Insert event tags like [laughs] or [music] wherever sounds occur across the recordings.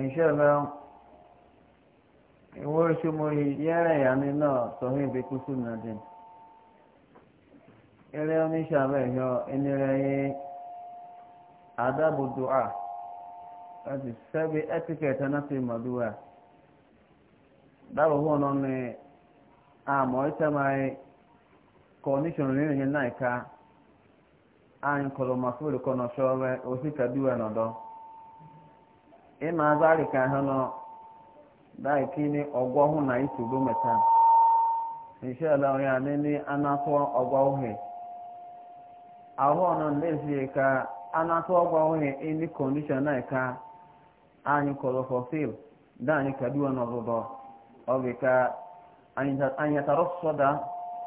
insha Allah ìwọ oṣù mori yẹrẹ ìyàmí náà sọhìn bí kúsù nàdín eré oníṣàbẹ yọ ẹnìrẹ yẹ adabu du'a láti sẹbi ẹtíkẹtì náà mọdúwà dábò hùwà náà ní àmọ ìsẹmáyé kọníṣọn nínú náà ká àyìnkọlọmọfúrú kọnọṣọ rẹ òsì kàdúwà nàdọ. ịma azarị ka ha nọ dai kini ọgwọ hụ na itugo meta inshallah onye adị ni anatụ ọgwọ uhe ahụ ọnọ n'ezie ka anatụ ọgwọ uhe ini kondishọn na ka anyị kọrọ fọsil da anyị kaduwa n'ọdụdọ ọ bụ ka anyị tara sọda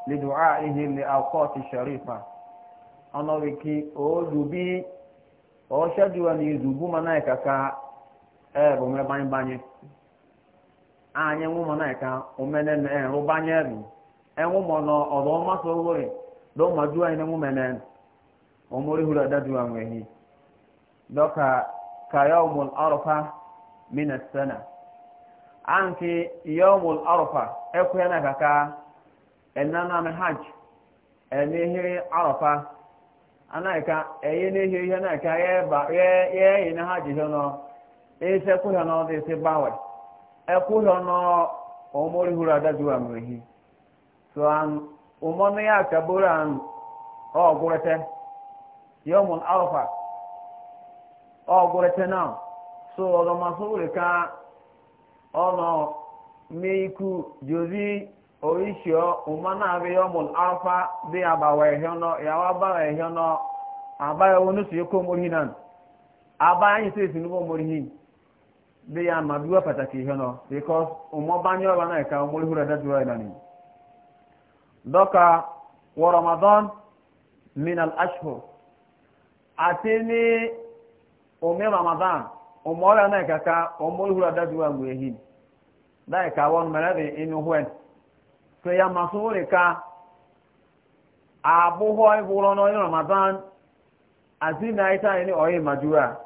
lidu'a ihe li akwọti sharifa ọnọ bụ ki o dubi o shaduwa n'izu bụ mana ka ee bụ mgbanye banye anyị nwụmọ e, e e na ka omenene na ọ̀dọ̀ ọmasọ owóri lọ́mọ ju anyị nwụmene ọmọrí hụrụ adájú àwọn èyí dọ́ka kayọ́mùl ọrọ̀fà na kaka mi hajj ẹ̀mí na ihe ihe ka yẹ́ yẹ́ yẹ́ na hajj ese ekwuhịa na ọdụ esi gbanwe ekwuhịa na um, um, omori hụrụ adaju amụhi so an ụmọnụ ya kaburu an ọgwụrịta yomun alfa ọgwụrịta na so ọdọ masu rika ọnọ meiku jozi orisio ụmọnụ abụ yomun alfa dị abawa ehio nọ yawa abawa ehio nọ abaghị onye si ekwu omori na abaghị anyị si esi n'ụgbọ omori hin de ya maduwa pàtàkì ihe nọ because ụmọba nye ọba na ka ụmụ ihuru ededura ịnani dọka ramadan minal ashho àti ní omi ramadan ụmụ ọrịa na ka ka ụmụ ihuru ededura mgbe ehi da ka wọn mere dị inu hwen so ya masụ ụrị ka abụghọ ịbụrụ n'onye ramadan àti na ịta ịnị ọyị maduwa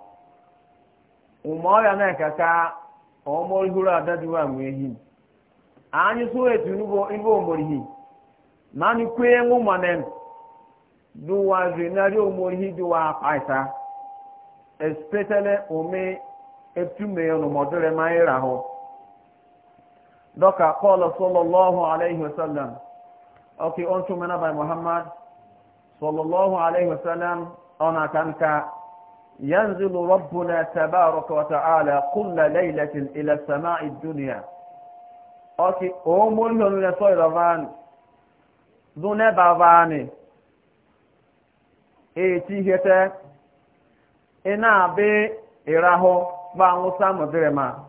ụmụ ọrịa na-eke ekata ka ọmọrihuru mgbe ehi anyị so etu ibo omorihi mani kwee mu manen duwa zinari omorihi duwa apaisa especially ome etumeyo no modere maira dọka pọl qala sallallahu alaihi wasallam okay on to mana by muhammad sallallahu alaihi na-aka nka. ينزل ربنا تبارك وتعالى كل ليلة إلى السماء الدنيا أوكي أمور من سوير فان ذنب فاني إيتي هتا إنا بي إراهو فانو سام درما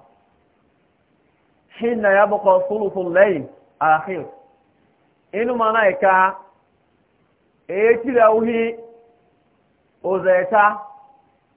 حين يبقى ثلث الليل آخر إنو ملايكا إيتي لوهي أوزيتا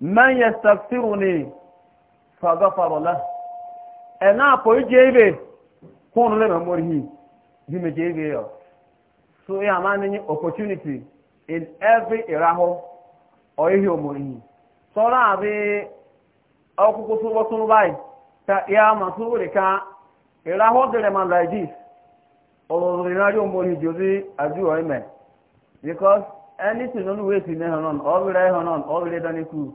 man yastaghfiruni fa ghafara la ena po jebe kun le memori bi me jebe yo so ya ma ni opportunity in every iraho o ihe omori so ra bi okuku so bo tun bai ta ya ma so re ka iraho de le man like this ordinary omori jodi adu o because anything no we si ne hanon o bi re hanon o bi dan ku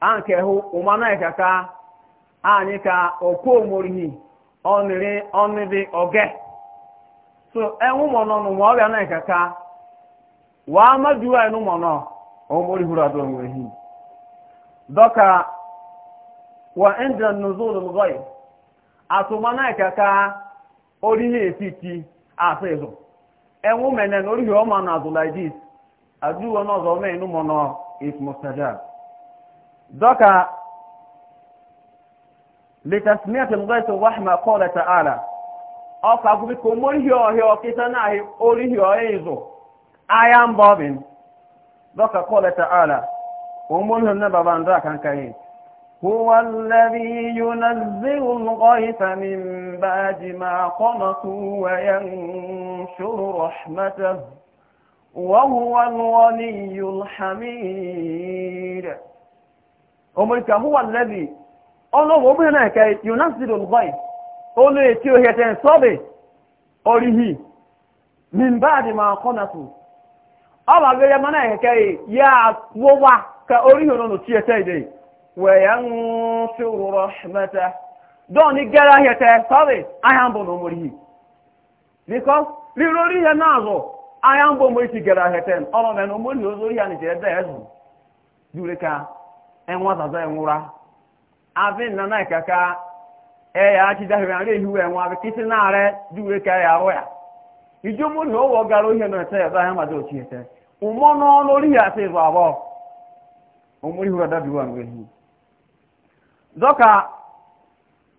anke hụ ụmanaika ka anyị ka okomorihi ọnịrị ọnịdị oge so enwu mọnọ nụ ma ọrịa naika ka waa majuwa enu mọnọ omori hụrụ adọ nwehi dọka wa inda nuzul lgoy atụmanaika ka orihi etiti asa ezo enwu menen orihi ọma na azụlaidis ajuwa n'ọzọ mee enu mọnọ it mustajab ذكر لتسمية الغيث الرحمة قال تعالى أفاق بكم مرهيو هيو كتناه أوريهيو أيزو آيام بابين ذلك قال تعالى ومنه النبى بان ذاك كهين هو الذي ينزل الغيث من بعد ما قمتوا وينشر رحمته وهو الولي الحميد omorika huwa lezi ọlọ́wọ́ obìnrin náà kẹ yunasiru lọ́ì ó lè tí ó hẹ̀tẹ̀ sọ́bẹ̀ oríhì mìíbáàdì máa kọ́nà tó bụ abẹ́rẹ́ mọ́ náà kẹ ya wọ́wà ka oríhì ọ̀nà tí ẹ̀tẹ́ ìdè wẹ̀yà ń fi rọrọ mẹ́ta dọ́ọ̀ ní gẹ́rẹ́ hẹ̀tẹ̀ sọ́bẹ̀ ayáǹbọ̀ ní náà ọlọ́mẹ́ni enwa zaza enwura abin na na kaka e ya chi da ihu na are ka ya ro ya ijo mu no wo garo ihe ha ma do chi te umo no ya se zo abo umuri hu da duwa ngwe hi doka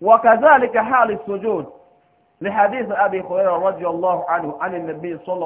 wa kadhalika hali sujud لحديث أبي هريرة رضي الله عنه عن النبي صلى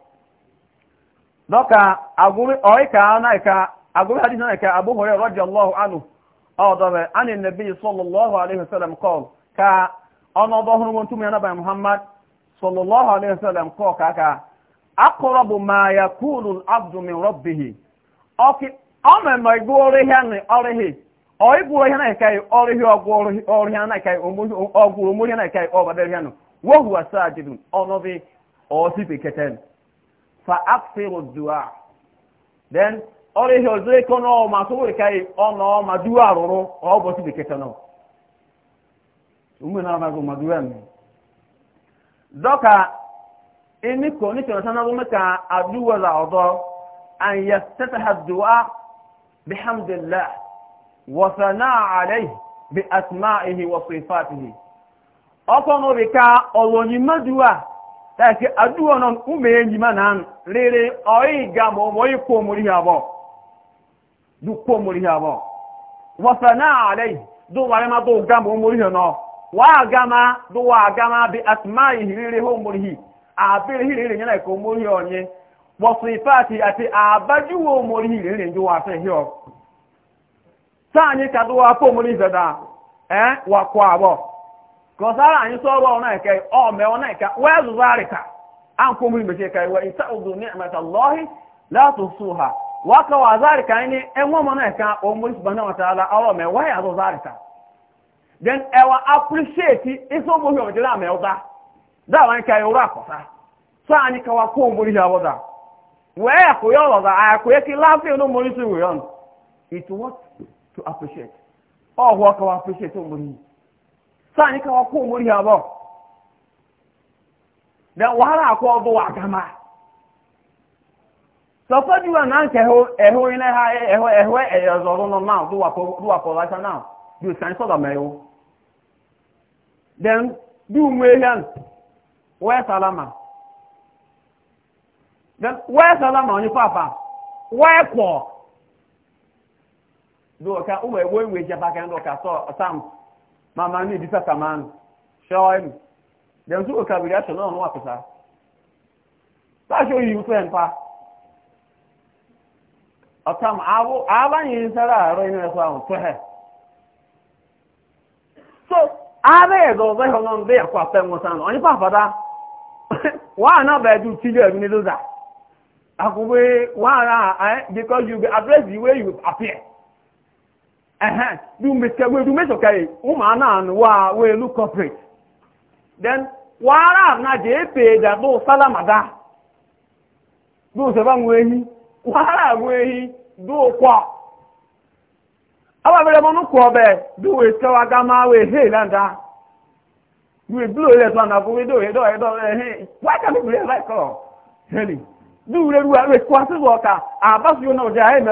dọka agụrụ na anaịka agụrụ hadith anaịka abu hore anụ anhu ọdọbe ani nabi sallallahu alaihi wasallam kọl ka ọnụ ọhụrụ ntu ya nabai muhammad sallallahu alaihi wasallam kọl ka aka akọrọbụ ma ya kulu abdu min rabbihi ọkị ọ memme igbu ọrịhịa ni ọrịhị ọịbụ ọhịa anaịka ọgwụ ọrịhịa anaịka ọgwụ omori فأكثر الدعاء then ọrịa ihe ọzọ ike ọnụ ọma sọwụrụ ka ọnụ ọma duwa arụrụ ọbọchị bekee nọ ụmụ na-ama gụ ma duwa mme dọka ini ko ni tọrọ sanar mụ ka aduwa za ọzọ an ya sata ha duwa bihamdillah wa sana alai bi asma'ihi wa sifatihi ọkọ n'obi ka ọlọnyi maduwa daki aduwa non ume gamo muri habo du muri habo wale ma do gamo muri no wa gama do wa gama bi asma'i ihe ho muri abere rere nyana ko muri onye wa ati abaju wo muri wa ka muri zada eh kwa kọsara anyị sọrọ ọna ike ọmọ ọna ike wee zụzarịka an kuma yi mace kai wa in ta'udu ni'mat Allah la tusuha wa ka wa zarika ni en wa mana ka o mu subhanahu wa ta'ala awo me wa ya zarika then e wa appreciate iso mu yo dira me oda da wa kai ura ko sa so ani ka wa ko mu ya oda wa ya ko yo oda a ko ki lafi no mu ni su yo it what to appreciate oh wa ka appreciate o mu sáà ní ká wọ́n kó mórí ọbọ̀ dẹ wàhálà àkọ́ ọbọ̀ wà gàmà sọ̀kọ́ jùlọ ha ẹ̀hó ẹ̀hó ẹ̀yọ̀ zọ̀rọ̀ nọ náà lúwà pọ̀ láṣà náà bí o sàn sọ̀dọ̀ mẹ́wó dẹ bí umu ehian onye pàpà wẹ́ pọ̀ dùwọ̀ ká ụmụ ewu ewu sam mama ni bisa tamanu shawani yanzu ko kabila ta nawa nawa kusa ta so yi mutu en pa atam awo aban yin sara ro ina so an to he so abe go be honon be ko ape mo san oni pa fada wa na be du ti le mi loza akugbe wa ra because you address the way you appear ehe du mr wedu meso kai uma anan wa we corporate then wara na je pe da salamada salama da do ehi ba ngwehi wara ngwehi do kwa aba bere mo nu ko be du we se he landa we blow le so na fu we do he do he do he why can like call heli du re ru a we kwa se wo ka abasu no ja he me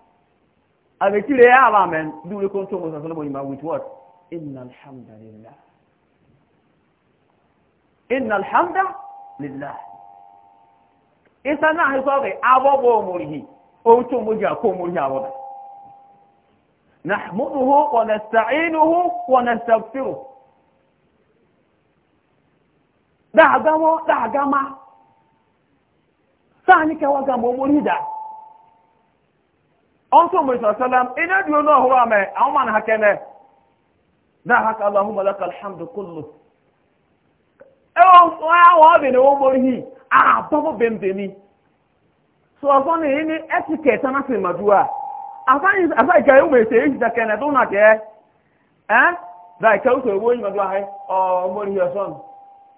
amekile yaba amen dule konto mo sasa mo imam with what innal hamdalillah innal hamda lillah isana hisobe abobo murihi o to mo ja ko murihi abobo nahmuduhu wa nasta'inuhu wa nastaghfiruh da gawo da gama sani ka wa gamo murida ọ̀ntọ́ e, e e dị iná di onú ọ̀húrọ̀ àmẹ́ àwọn máa ń hakẹ́nẹ́ náà haka aláhùn mọ̀lẹ́kà alhamdu kúlù ẹwọ àwọn ọ̀bìn ìwọ̀n mọ̀ yìí àbọ̀bọ̀ bẹ̀m̀bẹ̀mí sọ̀sọ́ ni yìí ní ẹ́tíkẹ̀tì náà sì màdúwà àfáìkà yóò ọzọ èyí jìdá kẹ́nẹ́ tó nà kẹ́ ẹ́ láìka ó sọ owó yìí màdúwà ẹ ọmọlì ọ̀sán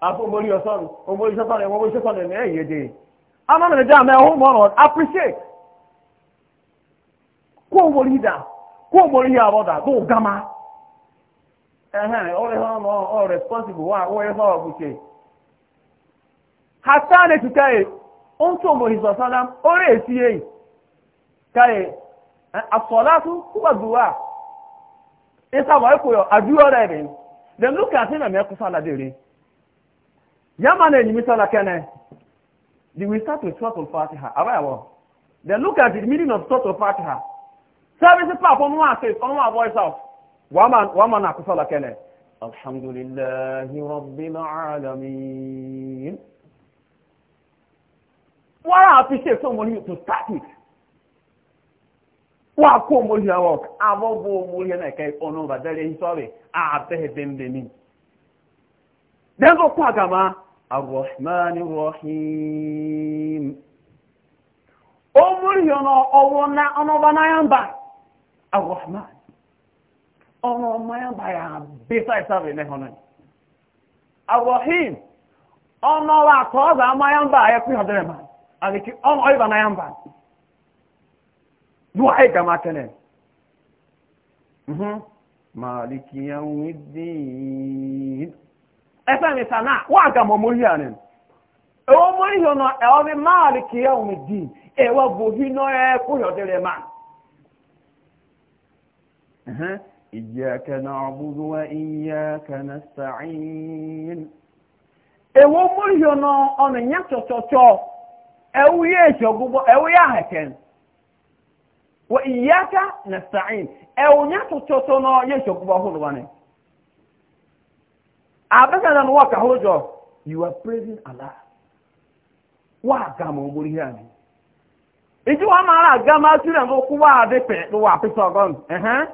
àfọ ọmọlì ọ̀sán ọmọlì ọ̀sán ko mori da ko mori ya boda do gama ehe ore ho no responsible wa o ho buke e tukai on to mori so salam ore esiye kai e, e, as-salatu huwa ịsa isa wa ko yo aduwa then look at him and make sala dere ma na ni misala kene they will start with Surah Al-Fatiha. Then look at the meaning of Surah Al-Fatiha. service performance is on my voice out وما وما نقصلك له الحمد لله رب العالمين wọ́n á fi ṣe fún ọmọ yìí to start it wọ́n á kó ọmọ yìí àwọn abọ́bọ́ ọmọ yìí náà kẹ́ ọ̀nà ọ̀bàdẹ́rẹ́ yìí sọ́ọ̀rẹ́ àbẹ́ẹ̀bẹ́ẹ̀bẹ́ẹ̀mí dẹ́gbọ́ kún àgàmà arrahman rahim ọmọ yìí ọ̀nà ọwọ́ náà ọ̀nà ọba náà yàn báyìí arrahman ọ̀rọ̀ ọmọ ya bá ya bẹ́sà ọ̀nà ọ̀rọ̀ ọmọ ya bá ya pín ọ̀dẹ́rẹ̀ ma àríkí ọ̀nà ọ̀yọ̀bà na ya bá ló àyè gàmà tẹ́lẹ̀ ya ń mhm. wí mi sànà wọ́n àgàmọ̀ mọ́ mọ́ إياك نعبد وإياك نستعين ewo no nya na sàáyìn ẹwu nya tọtọtọ no yẹ ẹsẹ gbogbo ahorow wani na wọn kà hójọ you are praising allah wọn àga mọ ya yẹ àná ìdí wọn máa àga máa sílẹ̀ ní okú wọn àdé pẹ̀ lọ́wọ́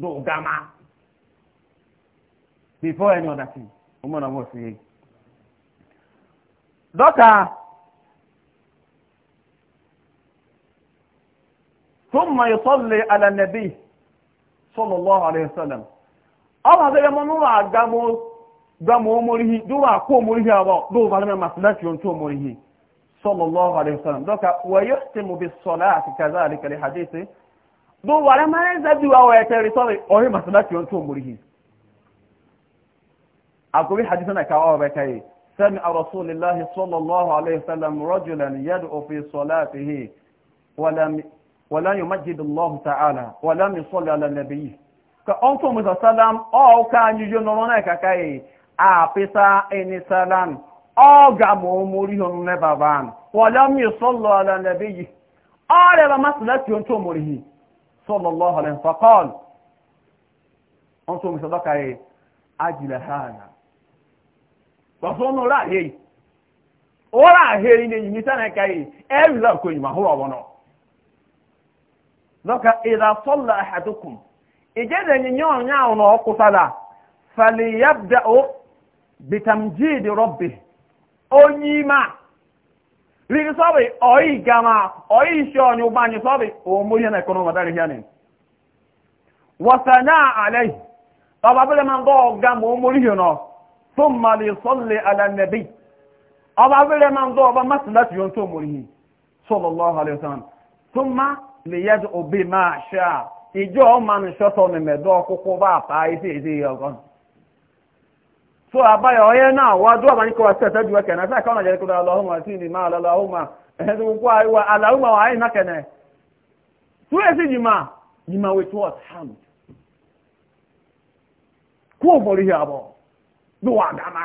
dogama before any other thing ọmọ náà wọ́n sí i. dọ́kà ثم يصلي على النبي صلى الله عليه وسلم ọba zai yamma nura gamo gamo morihi dura ko morihi awa do ba na masalati on to morihi sallallahu alaihi wasallam doka wa yahtimu bis salati kadhalika li hadithi do wara mara zabi wa wa tare sore ori masalati won to murihi akuri hadithana ka wa ba kai sami rasulullahi sallallahu alaihi wasallam rajulan yad'u fi salatihi wa lam wa la yumajjid Allah ta'ala wa lam yusalli ala nabiy ka on to musa salam o ka nyu yo no na ka kai a pesa sallallahu alaihi faqal on so mi sadaka ye ajila hana ba so no ra he ora he ni ni sana kai e ri la ko ni ma ho wa wono doka idha salla ahadukum ijada ni nyo nya ono ko sala falyabda bitamjidi rabbih onyima liri sọ́bì ọ̀yí gama ọ̀yí iṣẹ́ ọ̀nyí ụgbanyị sọ́bì omume ihe na-ekọrọ mọdara ihe ni wasana alai ọba bẹ̀rẹ̀ ma ń gọ́ ọ̀gá ma ó mórí hìnà tó ma lè sọ́lẹ̀ alànàbí ọba bẹ̀rẹ̀ ma ń gọ́ ọba má sì láti yóò tó so abaya onye na-awụ adụ kọwa set ejiwe kene asa ka ọ najere kụrụ ala ọhụma tini ma ala ọhụma ndị ụkwụ ala what hand kwuo bụrụ ihe abụọ dama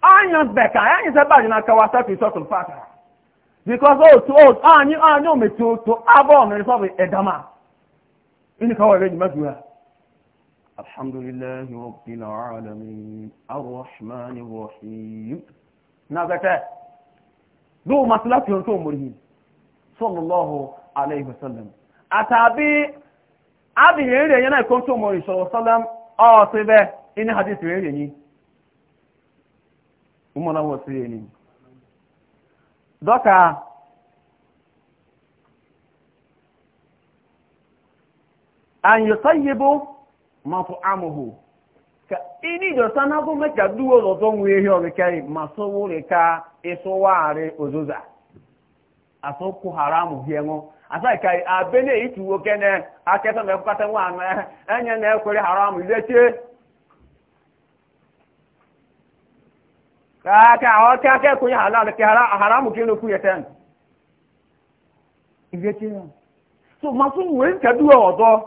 anya beka anyị na kawa sepi sọkụl fata because otu otu anyị anyị ometu otu abụọ mere sọbụ edama ịnị الحمد لله رب العالمين الرحمن الرحيم نبتا دو مسلك ينتو مرهين صلى الله عليه وسلم أتابي أبي هيري ينا يكون تو مرهي صلى الله عليه وسلم آصبه إن حديث هيري ني أمنا هو سيري دوكا أن يطيبوا mafụ amụhụ ka ịdị dọta n'abụ mecha duwo lọtọ nwee ihe ọrịka ma sọwụrị ka ịsụwagharị ozoza asụ kwụghara amụhị enwụ asa abe na-eitu nwoke na aketa ma nwaanyị enye na-ekwere hara Ka ilechie kaka aka akẹ́kọ̀ọ́ yà halal kí haramu ma so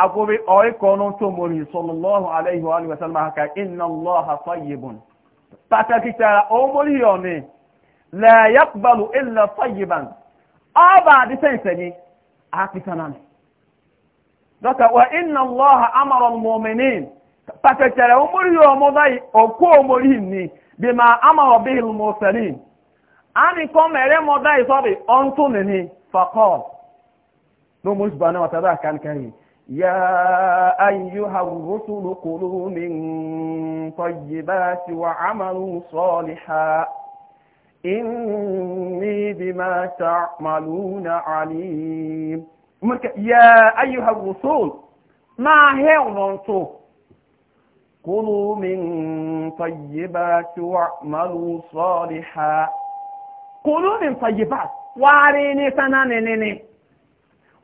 agobe ọ̀ẹ́ kọ́nà tó mọ̀rí sallallahu alaihi wa sallam haka inna allaha tayyibun pàtàkì tara ó mọ̀rí ọ̀nì la yaqbalu illa tayyiban ọba àdísẹ́ ìsẹ̀ni àpìtànà ni dọ́kà wa inna allaha amara al-mu'minin pàtàkì tara ó mọ̀rí ọmọ báyìí òkú ọmọrí ni bima amara ní ni fakọ́ ló mọ̀rí subhanahu wa يا أيها الرسل كلوا من طيبات وعملوا صالحا إني بما تعملون عليم يا أيها الرسل ما هي ونطو كلوا من طيبات واعملوا صالحا كلوا من طيبات واريني سنانيني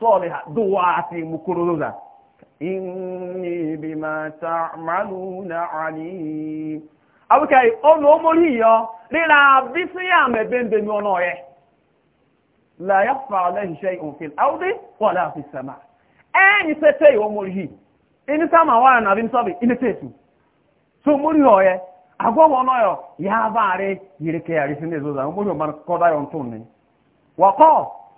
صالحا دواتي مكروزا إني بما تعملون عليم أوكي أنا أمري للا بسيا مبين بميونوه لا يخفى عليه شيء في الأرض ولا في السماء أني ستي أمري إني سامع وانا بن صبي إني تيسو سو مريه agwọwọ nọyọ ya bari yiri kẹyàrí sí ní ìzọzà ọmọ yóò máa kọ́ dáyọ̀ tó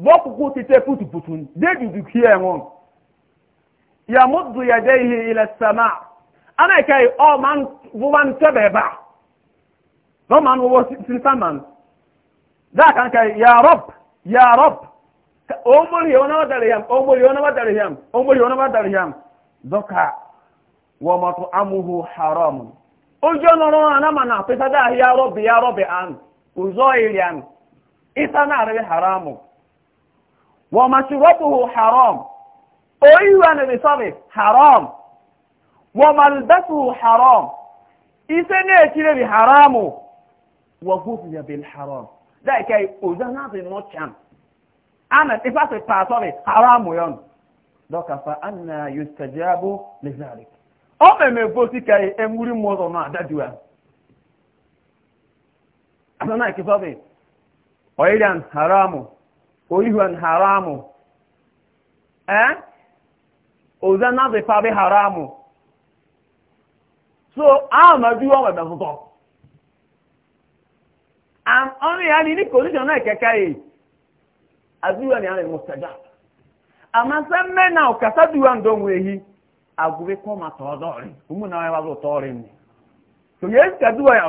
bọ́kùkù ti tẹ́ pùtùpùtù déjùdù kí ya ya mọ́dù yà ihe ilẹ̀ ana ẹ̀ka ọ ma ń wọ́n máa ń tẹ́bẹ̀ẹ́ bá lọ́ máa za wọ́ sí sàmà dáàkà nǹkan yà rọ́b yà wadari ya yà wọn dàrí yàm ọmọlì yà wọn dàrí yàm ọmọlì yà wọn dàrí yàm dọ́kà wọ́n máa tún wa mashrabuhu haram oyíwa níbi sọ́bì haram wa malbasuhu haram iṣẹ́ ní ẹ̀kírẹ́ bí haramu wa gúfìyà bí haram dáìkẹ́ òzán náà bí mọ́chán ana ifásí pàtọ́bì haramu yọ́n dọ́kàfà anna yustajabu lizalik ọ mẹ́mẹ́ bó sí kẹ́ ẹmúrí mọ́zọ̀ náà dájúwa àtọ́nà ìkísọ́bì ọ̀yíran haramu oihuan haramu eh ozana de fabe haramu so ama ju wa da so am only yani ni condition na kekai e. azuwa ni ale mustajab ama semme na ukasadu wa ndongwehi agube koma todori umu na wa zo tori ni so yes kaduwa ya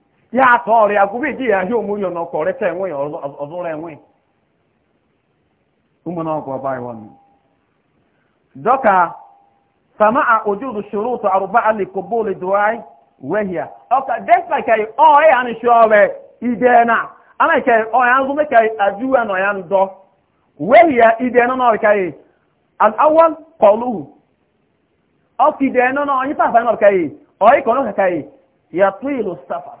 ya atọ ọrịa ya gwụba iji ya ahịa omori ọnọ ka ọrịta enwe ya ọzụrụ enwe ụmụna ọgwụ ọba iwọn dọka sama a ojudu shuru to aruba ali kobole duwai wehia ọka despite ka ọ ya ni shọọbẹ ide na ana kai ọ ya nzume ka ajuwa na ya ndọ wehia ide na na kai al'awwal qawluhu ọka ide na na onye tafa na kai ọ ikọ na kai ya tụ tuilu safar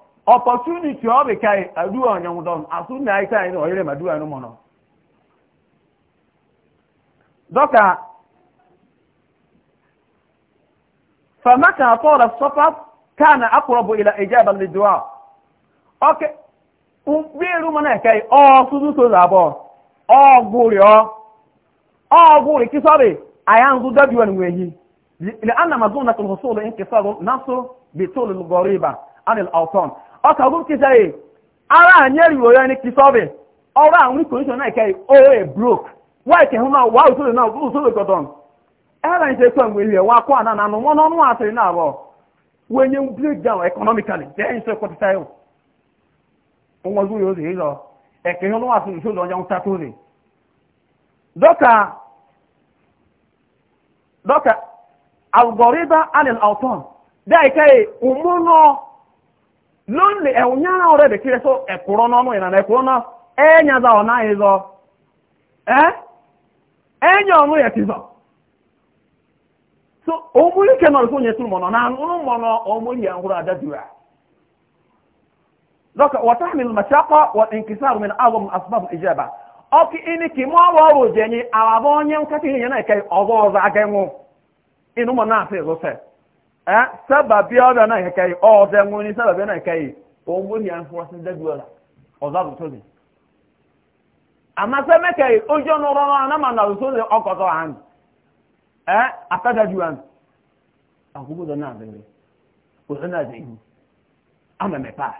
opportunity ọ bụ ka adu ọnyọm dọm asụ na ayịta anyị na ma du anyị mụ nọ dọka famaka atọra sọfa kana bụ ila ijaba lidua oke mgberu mana ka ọ sụzụ sozo abụọ ọ gwụrịọ ọ gwụrị kisọrị aya nzu dabiwa nwehi لأن مظنة الحصول انكسار نصر بطول ịba عن الأوطان ọkà ogun kí sẹ́yìn ara àyẹ́rì òyìn ní kìsọ́bìn ọwọ́ àwọn ìkòríṣọ́ náà kẹ́ oó è e broke wáì kẹ́hún náà wà òṣòlò náà òṣòlò gọ̀dọ̀n ẹ̀rọ ìṣe pẹ̀ ń wèlè àná nánú wọn náà náà bọ̀ wọ́n yẹ break down economically jẹ́ yóò lọ ẹ̀kẹ́ hún náà ọjà lonely ẹ̀wùnyára ọ̀rẹ́ bẹ̀ kílẹ̀ sọ ẹ̀kùrọ̀ náà ọ̀nà ìlànà ẹ̀kùrọ̀ náà ẹ̀yàzà ọ̀nà ìzọ ẹ̀yà ọ̀nà ìyẹ̀tìzọ so omuli kẹ́ náà fún yẹtù mọ̀nà náà nínú mọ̀nà omuli ẹ̀húrọ̀ àdájúwà lọ́kà wọ́tá mi màṣápọ̀ wọ́n àwọn ìjẹba ọkì kì mọ́ àwọn abọ́ eh sababi oda na kai o de ngoni sababi na kai o muri an fo sin da duola o za bu tozi ama se me kai o jo no ro na ma na so le okoto an eh atada duan akubu na be o na de ama me pa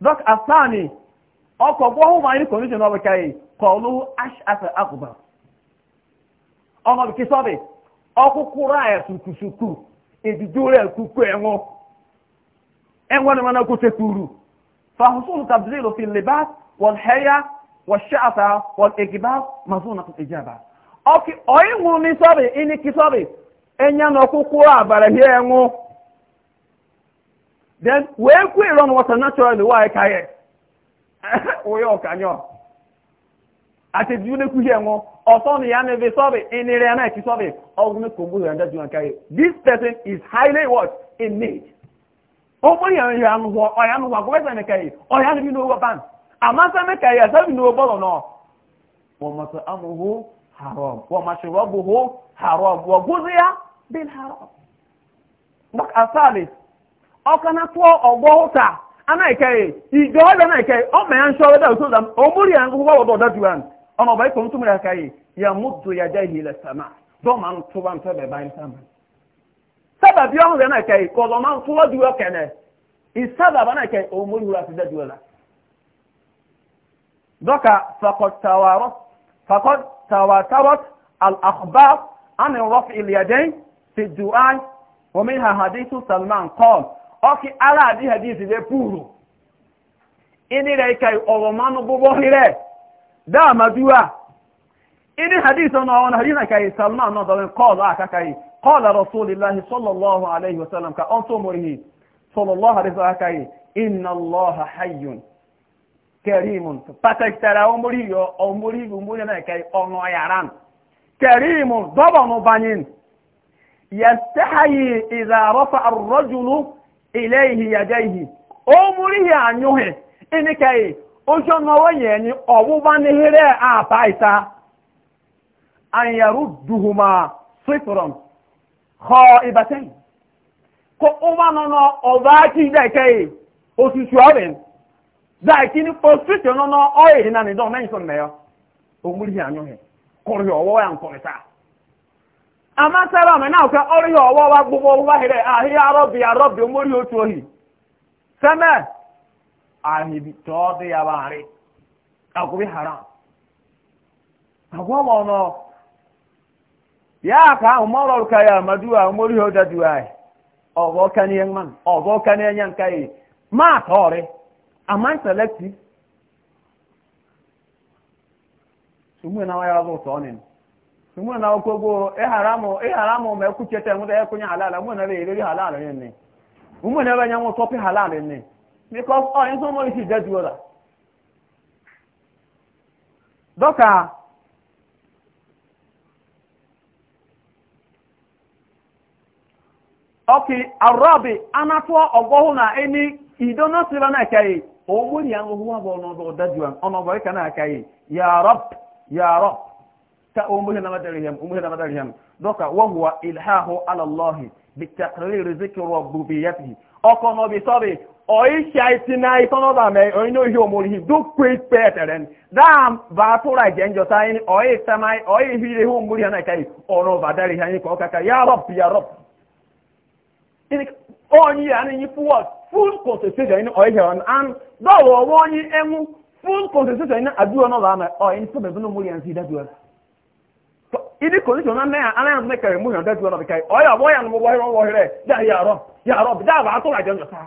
donc asani ọkọ̀ gbọ́hùn máa ní kọ̀míṣọ̀nù ọ̀bẹ̀kẹ́ yìí kọ̀ọ̀lú ọkụkụrụ a sukusuku edidure kuku enwo enwe na mana kute kuru fahusul tabzilu fi libas wal haya wal mazuna ijaba enya na ọkụkụrụ hie then wee kwe naturally [laughs] ate diune kuhie ngo osoni yane ve sobe inire yana ki sobe ogume kombu yanda juan kai this person is highly what in need omo yan yan wo o yan wa gobesa ne o yan bi no wo ban amasa me kai ya sabi no bolo no wa masamuhu haram wa mashrabuhu haram wa guziya bil haram dak asali okana to haro huta ana kai ijo na kai o me yan ɔnà ɔbɛ kɔn tum yà káyè yà mutu yà dá yìí lẹ sàmà dɔw máa ń tó bá ń fẹ́ bẹ̀ báyìí sàmà. sábà bí ɔhún rẹ̀ náà káyè kɔlọ̀ máa ń tó wá duwọ́ kẹ́nẹ̀ ìsábà bá náà káyè òun mórí wúlò àti dá duwọ́ la. dɔkà fakɔt tawatarot al-akhbar ani rɔf iliyadɛn ti du'an omi ha hadithu salman kɔl ɔkì aláàdì hadith lè púùrù. ìní rẹ̀ ọ̀rọ̀ máa gbogbo rẹ̀ da maduwa ini hadith ona ona hadith kai salman no dawin qala aka kai qala rasulullahi sallallahu alaihi wasallam ka onto murihi sallallahu alaihi wasallam kai inna allaha hayyun karimun patak tara omuri yo omuri gumuri na kai ono yaran karimun dobo no banin yastahi idha rafa ar ojú ọmọ ọwọ́ yẹn ni ọ̀wúwá ní hẹ́rẹ́ àbá ìta àyẹ̀rú dùhùmá sífìrọ̀m kọ ìbàtẹ́yìn nọ ọwá nọ́nà ọ̀bá kí ìdẹ́kẹ́ òṣìṣù osisi dáìkí ní pọ̀sítì nọ́nà ọ̀rìn náà nìdán mẹ́yìn sọ mẹ́yọ òmúrí ya ń kọrì ta àmá sára ọmọ náà kẹ ọrì wa gbogbo ahibi tɔɔde yabaare akubi haram agwama ɔnɔ yaa kaa ɔmɔrɔ ka yaa maduwa ɔmɔri hɔ daduwa yi ɔbɔ kaniya man ɔbɔ kaniya yi maa tɔɔre a man sumu na wa yaa zɔ tɔɔ nin sumu na wa kogo e haramu e mɛ kucɛ tɛ tɛ e halala na bɛ halala ne na bɛ ɲɛ tɔpi halala ne. because oh, in so much you get the other. Dọ́kà ọkì àrọ́bì anátọ́ ọgbọ́hù na ẹni ìdọ́nà sílọ náà kẹ́yì owó ni àwọn ohun àbọ̀ ọ̀nàbọ̀ ọ̀dájúwà ọ̀nàbọ̀ ìkà náà kẹ́yì yàrọ́p yàrọ́p ká omuhe na madarihim omuhe na madarihim dọ́kà wọ́n wà ilhahu alallọ́hì bí tàkìrì rìzíkì rọ̀ bùbìyàtì ọkọ̀ náà bí sọ́bì oisha itina itonoda me oino hi omori do kwit peteren dam ba tura genjo sai oi samai oi hi le hu omori na kai ono badari hani ko kaka ya rab ya rab ini oni ani ni puwa full concentration ini oi hewan an do wo oni emu full concentration ini adu ono da na oi ni sobe bunu omori ansi dadu so ini condition na me ana me kare mu yo dadu ono kai oi abo ya no wo hiro wo hire ya rab ya rab da ba tura genjo sai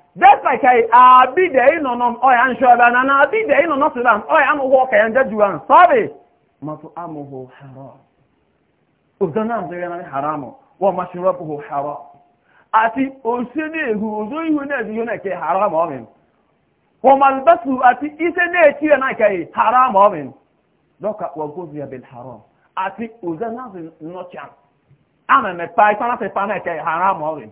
dẹ́pẹ̀ kẹ́ àbídẹ̀ ìnànà ọ̀yà ń ṣọ́ẹ̀bẹ̀ náà àbídẹ̀ ìnànà sílá ọ̀yà amúhù ọkẹ̀yẹ ń jẹ́jù wọn sọ́ọ̀bì mọ́tò amúhù haram òzò náà zẹ́rẹ́ náà haram wọ́n máa ṣọ́rọ́ bù haram àti òṣèlú èhù òzò ihu náà ti yóò náà kẹ́ haram ọ̀mìn wọ́n haram haram haram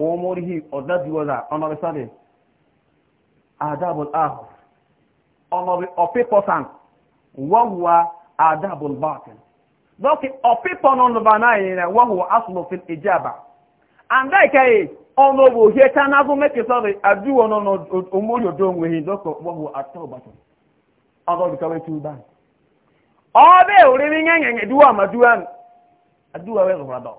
omorihi ọ̀dájúwọ́dá ọ̀nàrí sáré àdábòl ahù ọ̀nàrí ọ̀pípọ̀sán wọ́wọ́ àdábòl báàkì lọ́kì ọ̀pípọ̀nà ọ̀nàbà náà rẹ̀ wọ́wọ́ asùlọ̀fin ìjábà àndáìkẹyẹ ọ̀nà òwò òhìẹ tánágún mẹ́kì sáré àdúwọ̀ nọ́nà omori ọ̀dọ́ onwehi lọ́kọ̀ wọ́wọ́ àtọ́bàtọ̀ ọgọ́dùkọwẹ́ tí ó bá ọ̀bẹ́ òrírí yẹn yẹn yẹn dúwọ́ àmàdúwọ́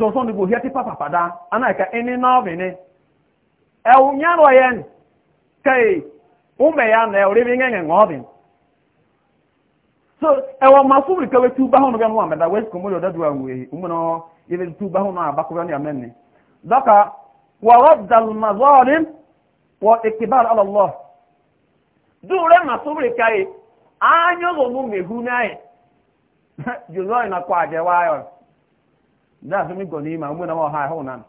so so ndigo hiati papa pada ana ka na vini e ya na ori e, bi ngenge ngobin so e wa masuri ka wetu ba hono bianu ameda wes ko mulo dadu anwe umuno ile tu ba hono abako bianu amenne daka wa radd al mazalim wa ikbar ala [laughs] that's me going in, I'm going to high on.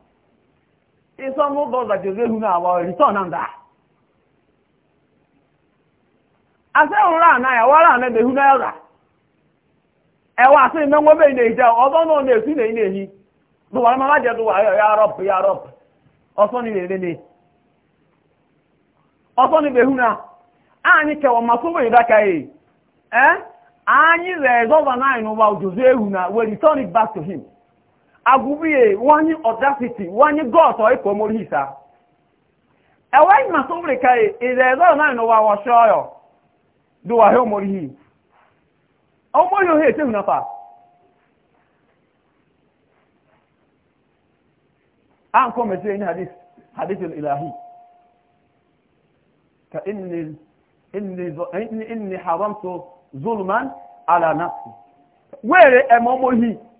It's some of those that you really know about return on that. I said, all right, now, what are they who know that? And what I say, no one may they I'm Ọsọ oh, oh, ah, ni lè Anyị ma ìdáka Ẹ́ anyị rẹ̀ náà n'ụwa òjòzó na we return it agụbie wanye ọdasiti wanye gọọtọ ịkọ mori hisa e ma sọfụrụ ka ọrụ n'ụwa wọchọ ọrụ dụwa ha omori hi ọmọ ya ohe etehu a ni hadis hadis ilahi ka inni inni inni inni haramtu zulman ala nafsi were eme hi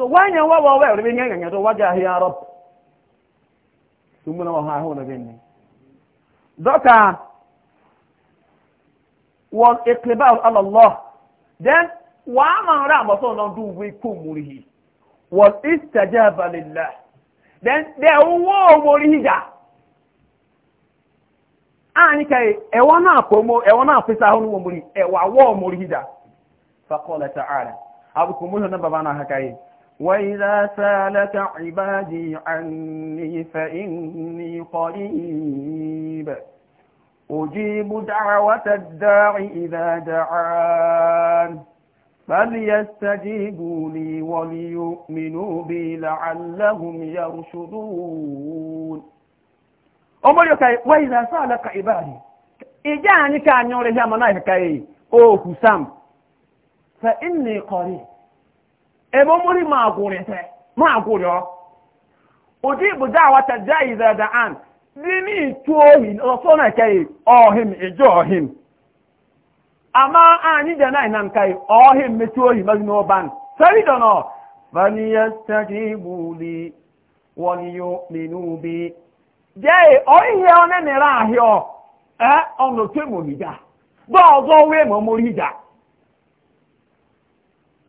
so wanya wa wa wa rubin yanga ngato waja ya rab tumuna wa ha hono binni doka wal iqbal ala allah then wa ma ra mo so no du we ko murihi wal istajaba lillah then de wo murihi ja ani ah, kai e wona akomo e wona afisa hono wo muri e ta'ala وإذا سالك عبادي عني فإني قريب أجيب دعوة الداع إذا دعان فليستجيبوا لي وليؤمنوا بي لعلهم يرشدون أمر وإذا سالك عبادي إجاني كان يوري هي منايك كاي أوه سام فإني قريب ebe mmiri ma gwụrịta ma ọ ụdị ibudo awata jaiza da an dị ohi ọsọ na kai ọhịm ịjụ ọhịm ama anyị dị anaghị na nkai ọhịm metu ohi mazi n'ọban sari dọnọ فليستجيبوا لي وليؤمنوا ọ jẹ́ ọ̀hìhẹ́ ọ̀nẹ́nìrán àhíọ́ ẹ́ ọ ọ mọ̀ níjà bọ́ọ̀ ọ̀zọ́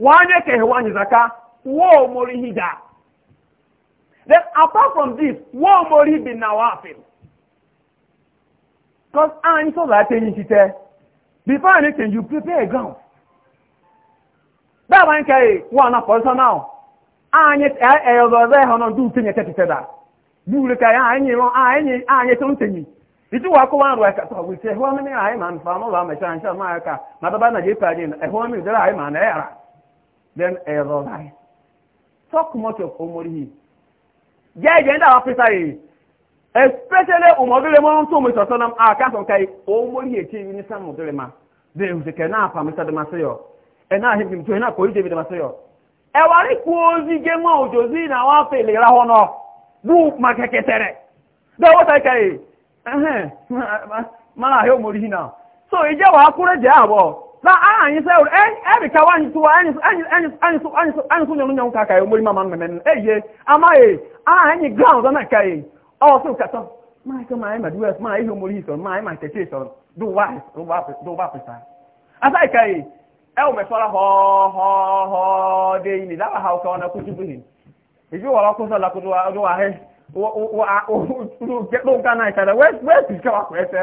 wanye ke zaka wo mori ga then apart from this wo mori bi na wafil cause an so that any chite before anything you prepare a ground baba nke wa personal anyị ẹ̀yọ̀dọ̀ ọ̀dọ̀ ẹ̀họ̀ náà dùn tẹ̀yẹ̀ tẹ̀tẹ̀tẹ̀ dà ka ya nye rọ anyị anyị tó ń tẹ̀yẹ̀ ìtú wa kó wọn rọ ẹ̀ka tó mi ní àyè màá nfa màdàbà mi àyè màá nà then ẹ̀rọ láì talk much of omorihi jẹ́ ẹ̀jẹ̀ ń dáwọ́ pẹ́sà yìí especially ọmọdúnrẹ́ mọ́ tó mọ̀ ìtọ́sọ́ náà àkáǹtọ̀ ká yìí omorihi ètí yìí ní sáà mọ̀dúnrẹ́ ma bí n sìkẹ́ náà pàmì sọ́dọ̀ máa sọ́yọ̀ ẹ̀ náà hìbìm tó iná kòrí débi máa sọ́yọ̀ ẹ̀ wà rí kú ozi jẹ́ mọ́ òjò sí ní àwọn afẹ́ ilẹ̀ ra wọn náà bú so ìjẹ́wàá kúrẹ́ jẹ́ àbọ̀ na a anyị sị eri kawa so, tụwa so, sụ nyanwụ nyanwụ ka aka ya omori mama mmemme nne eye amaghị aha anyị ground na ka ya ọsụ katọ maịka ma anyị ma duwes ma ihe omori isọ ma anyị ma keke isọ duwa duwa pịsa asa ka ya ewu mesọrọ họọ họọ họọ dị ili daba ha ụka ọ na kwuchi bụghị iji ụwa ọkụ sọ lakwụdụ ụwa ahị ụwa ụwa ụwa ụwa ụwa ụwa ụwa ụwa ụwa ụwa ụwa ụwa ụwa ụwa ụwa ụwa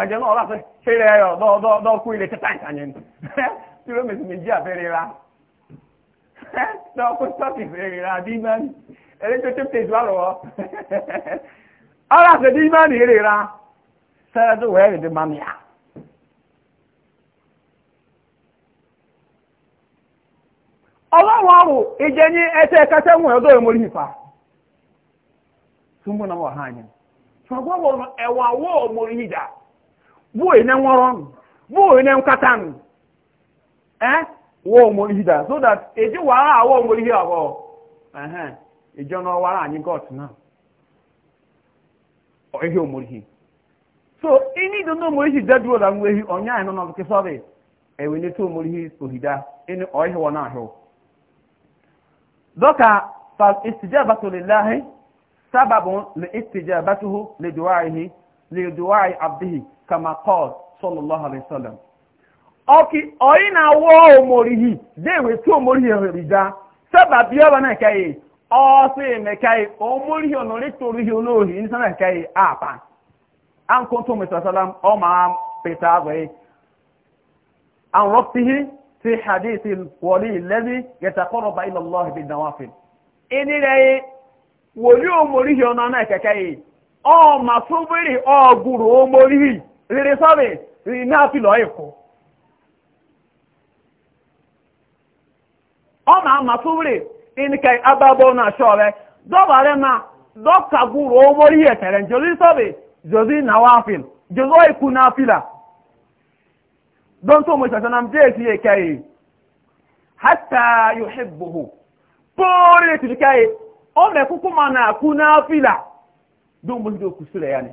àjẹ́ náà láti fẹ́rẹ̀ ẹ̀rọ dọ́ọ̀kú ilé títà ìtànyẹ̀ ni kìlómítì [laughs] méjì àfẹ́rẹ́ ra [laughs] dọ́ọ̀kú stọ́ọ̀kì fẹ́rẹ́ ra bí mẹ́rin tó pèsè wà lọ́wọ́ ọ̀rọ̀ àti bí rè ra sẹ́rẹ́ tó wẹ́ẹ́ rè dé à. ọlọ́run ọ̀rọ̀ ìjẹ́ ní ẹsẹ̀ kẹsẹ̀ wọn ọdọ́ ìmọ̀lì ìfà túnbọ̀ náà wà hàn yẹn ṣùgbọ́n ẹwà wọ́ ọmọ ìyíjà. bụghị na nwọrọ ọnụ bụghị na nkata ọnụ ee wụọ ọmụrụ ihe so that eji wara awọ ọmụrụ e ihe abụọ ehe eji ọnụ ọwara anyị gọt na ihe ọmụrụ ihe so ịnị dị n'omori ihe deduo na nwa ehi ọnya anyị nọ n'ọtụtụ sọrị ewe n'etu ihe ohida ịnị ọhịa na ahụ dọka fal istijabatu lillahi sababun li istijabatuhu li na li duwai kama qala sallallahu alaihi wasallam oki oina wo omorihi dewe tu omorihi rija sababi oba na kai o se me kai omorihi ono le torihi ono ohi ni sana kai apa an kuntu musa sallam o ma peta we an waqtihi fi hadith al-wali alladhi yataqarraba ila Allah bin nawafil ini rai woli omorihi ono kai kai o masubiri o guru omorihi rere sọ́rẹ̀ rí náà fi lọ ẹ̀kọ́ ọmọ àmà súnrè ìníkẹ̀ abábọ́ náà ṣọ́ rẹ̀ dọ́bà rẹ̀ náà dọ́kàgùrù owó rí ẹ̀tẹ̀rẹ̀ jòrí sọ́rẹ̀ jòrí náà fìl jòrí ikú náà fìlà don tó mú ìṣẹ̀ṣẹ̀ náà jẹ́ èsì ẹ̀kẹ́ yìí hátà yóò ṣe gbòho pórí ètùtù kẹ́ yìí ó mẹ́kúkú máa náà kú náà fìlà dóńgbòsídò kù sílẹ̀ yá ni.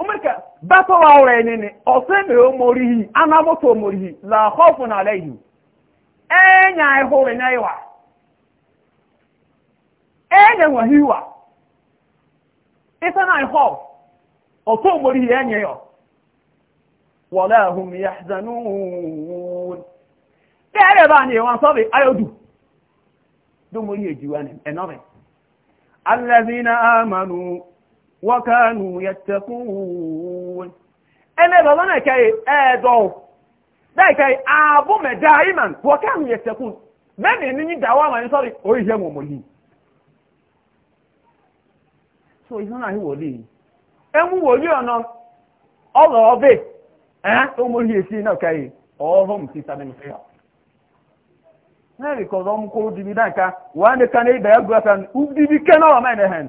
umeka bata wa ore nini oseme omorihi anamoto omorihi la khofun enya e e na e iwa enya wa hiwa isa na iho oto omorihi enya yo wala hum yahzanun dere ba ni wan sobi ayodu do ejiwa وكانوا يتقون أنا بظن كي أدو داي كي أبو دائما وكانوا يتقون من ينني دواما يصري أوي هم ومولي so ìsọ́nà Emu mú kó dìbí ní ní ibẹ̀ kẹ́ náà mẹ́rin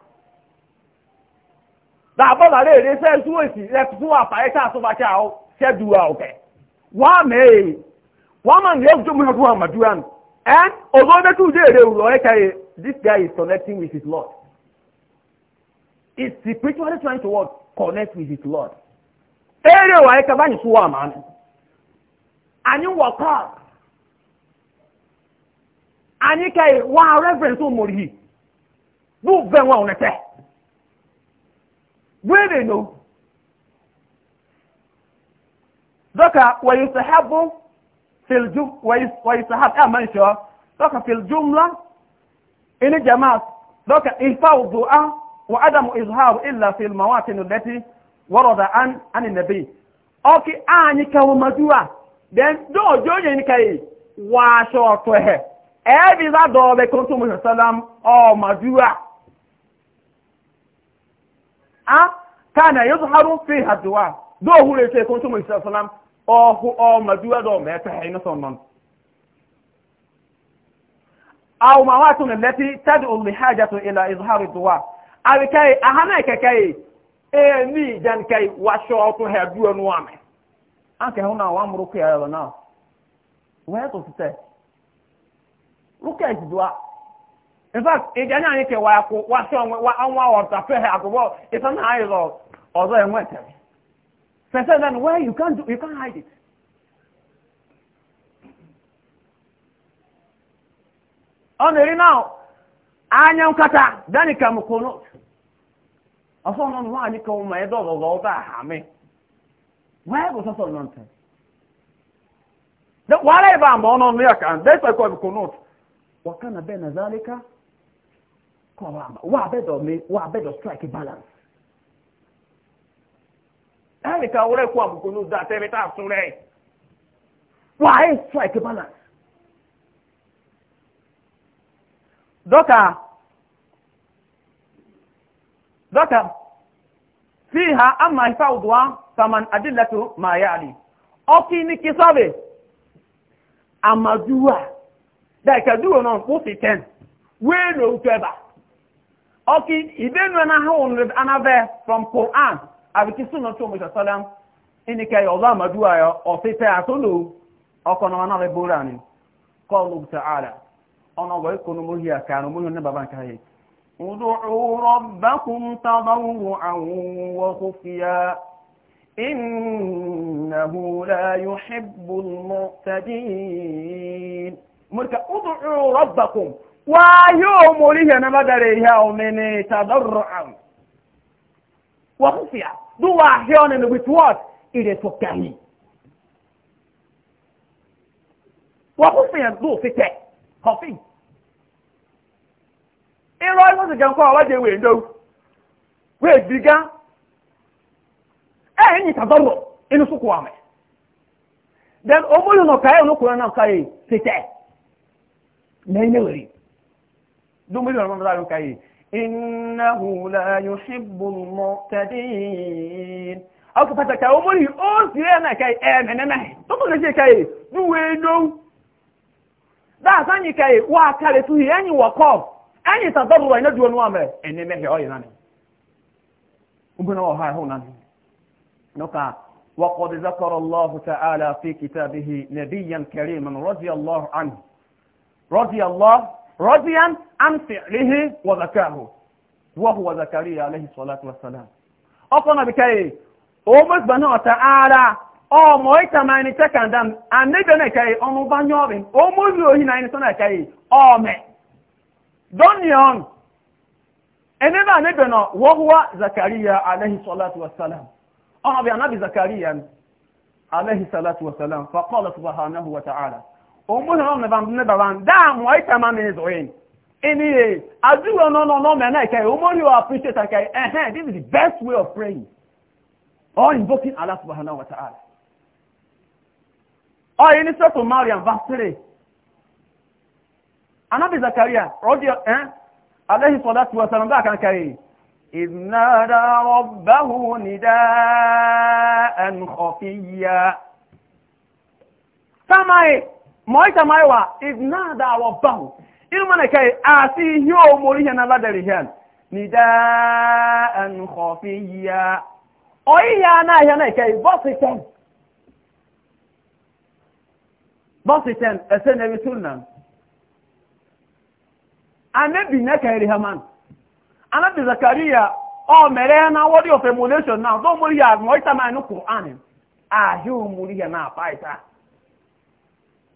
da ba la re re se su si le tu a pa eta so ba cha o se du a o ke wa me wa man ye ju mu ko ma du an and ozo de tu de re u this guy is connecting with his lord is spiritually trying to what connect with his lord ere wa e ka ba ni su wa ma ni anyị wọkọ anyị ka wa reverence ụmụrụ hi bụ venwa onete Where wéèrè nù dọ́kà wọ̀nyí sàhábù fìljú wọ̀nyí sàhábù ẹ̀ máa ń ṣọ́ dọ́kà fìljú ńlá inú jamaat dọ́kà ìfà òdùá wọ ádámù ìzùháàrù ìlà fìlmà wà tìǹù lẹ́tí wọ́rọ̀dà án ìnàbí ọkì áàyí kẹwọ́ mọ́dúwà then dọ́ọ̀jọ́ yẹn ní kẹyì wàá ṣọ́ ọ̀tọ̀ ẹ̀ ẹ̀ẹ́bí sá dọ̀ọ̀bẹ̀ kọ́ńtùmù sàlám ọ̀ mọ́dúwà a kana yanzu harun fi haduwa do hure sai kun tumu isa salam o hu o maduwa do me ta hayna sonnon aw mawatun allati tad'u li hajatu ila izhari duwa abi kai ahana ke kai e ni jan kai wa sho to he duwa no ame an ke huna wa muru ke ayo na wa to tete ruka duwa in fact ị ga-anya anyị kewa akwụ wasị ọnwa ọta fehe agụgbọ ịsa na anyị ọzọ enwetere fese then where you can do you can hide it ọ na-eri na anya nkata dani ka m ọsọ nọ nwaanyị ka ụma ede ọzọzọ aha ahami wee bụ sọsọ nọ ntị wàhálà ịba mgbe ọ nọ nụ ya ka ndị ekpekọ bụ kono wakana bena zalika koram wa abẹ́dọ̀ mi wa abẹ́dọ̀ strike balance. ẹnìkan wọlé kó àbùkù ní ọdún àtẹ́mi tá a sún rẹ̀ wa ayé strike balance. dọ́kà dọ́kà fíìhà àmà ìfáwùdùwà sàmàn àdìlẹ́tù màá yá àlè ọkì ní kí sọ́ọ̀bì àmàdúwà dàìkàdúwò náà fún fi tẹ́ǹ wéèrè òtú ẹ̀bà okay ibenu ana hawon anabe from quran abiki suna to mu sallam ini kai allah madua ya o se te atulu okono na le burani qawlu ta'ala ona wa ikunu mu hiya kanu mu ne baban kai ud'u rabbakum tadawwan wa khufiya innahu la yuhibbul mu'tadin murka ud'u rabbakum wayo moriya na badare ya omene oh, tadarru'an wa khufiya do wa hion with what it is okahi wa khufiya do fite kofi ero ayo se kan ko awa de we ndo we diga eh ni tadarru inu suku ame then omulu no kai no ko na kai fite na ineweri dúnbí lọ́rọ̀ mọ́tò láàrin káyè innahu la yuhibbu al-mu'tadin ọkọ̀ pàtàkì àwọn ọmọ yìí ó sì rẹ̀ náà káyè ẹ̀ mẹ́nẹ́mẹ́ tó tó lè ṣe káyè dúwé lóhùn dáàtọ́ yìí káyè wà á kárẹ̀ tó yìí ẹ̀yìn wọ̀ kọ́ ẹ̀yìn tàbí wà رضي الله رضيا عن فعله وذكاه وهو زكريا عليه الصلاة والسلام أقنا بكي أمس بنا تعالى ọmọ ìtàmà ẹni tẹ́kàndàm àníjọ́nà ìkẹyì ọmọ bá ní ọ̀rìn ọmọ ìlú òhìn náà ẹni sọ́nà ìkẹyì ọmọ dọ́nìyàn ẹni náà níbẹ̀nà wọ́wọ́ zakariya aláhìsọ́látù wasalam ọmọ bí anábì zakariya aláhìsọ́látù wasalam fàkọ́lọ̀ subhanahu wa ta'ala omume ọmọ ẹ̀fà ní bàbá dáàmù ọ̀ìtà máa mi nìzọ̀ yìí ìní yìí àdúgbò náà náà mẹ́rin ẹ̀kẹ́ omori wa appreciate ẹ̀kẹ́ ẹ̀hẹ́n this is the best way of praying or invoking Allah subhanahu wa ta'ala ọ̀yẹ́ ní sẹ́tò mariam vasire anabi zakaria rọ́dí ẹ̀ eh, alayhi salatu wa salam bákan kẹrì إذ نادى ربه نداء خفيا سمعي moita maiwa ignada rabbahu in mana kai asi yo mori yana ladari hen nidaan khafiya oyi yana yana kai bositen bositen esene bitunna anabi na kai rihaman anabi zakariya o mere na wodi of emulation now don mori ya moita mai no qur'an ahi o mori yana faita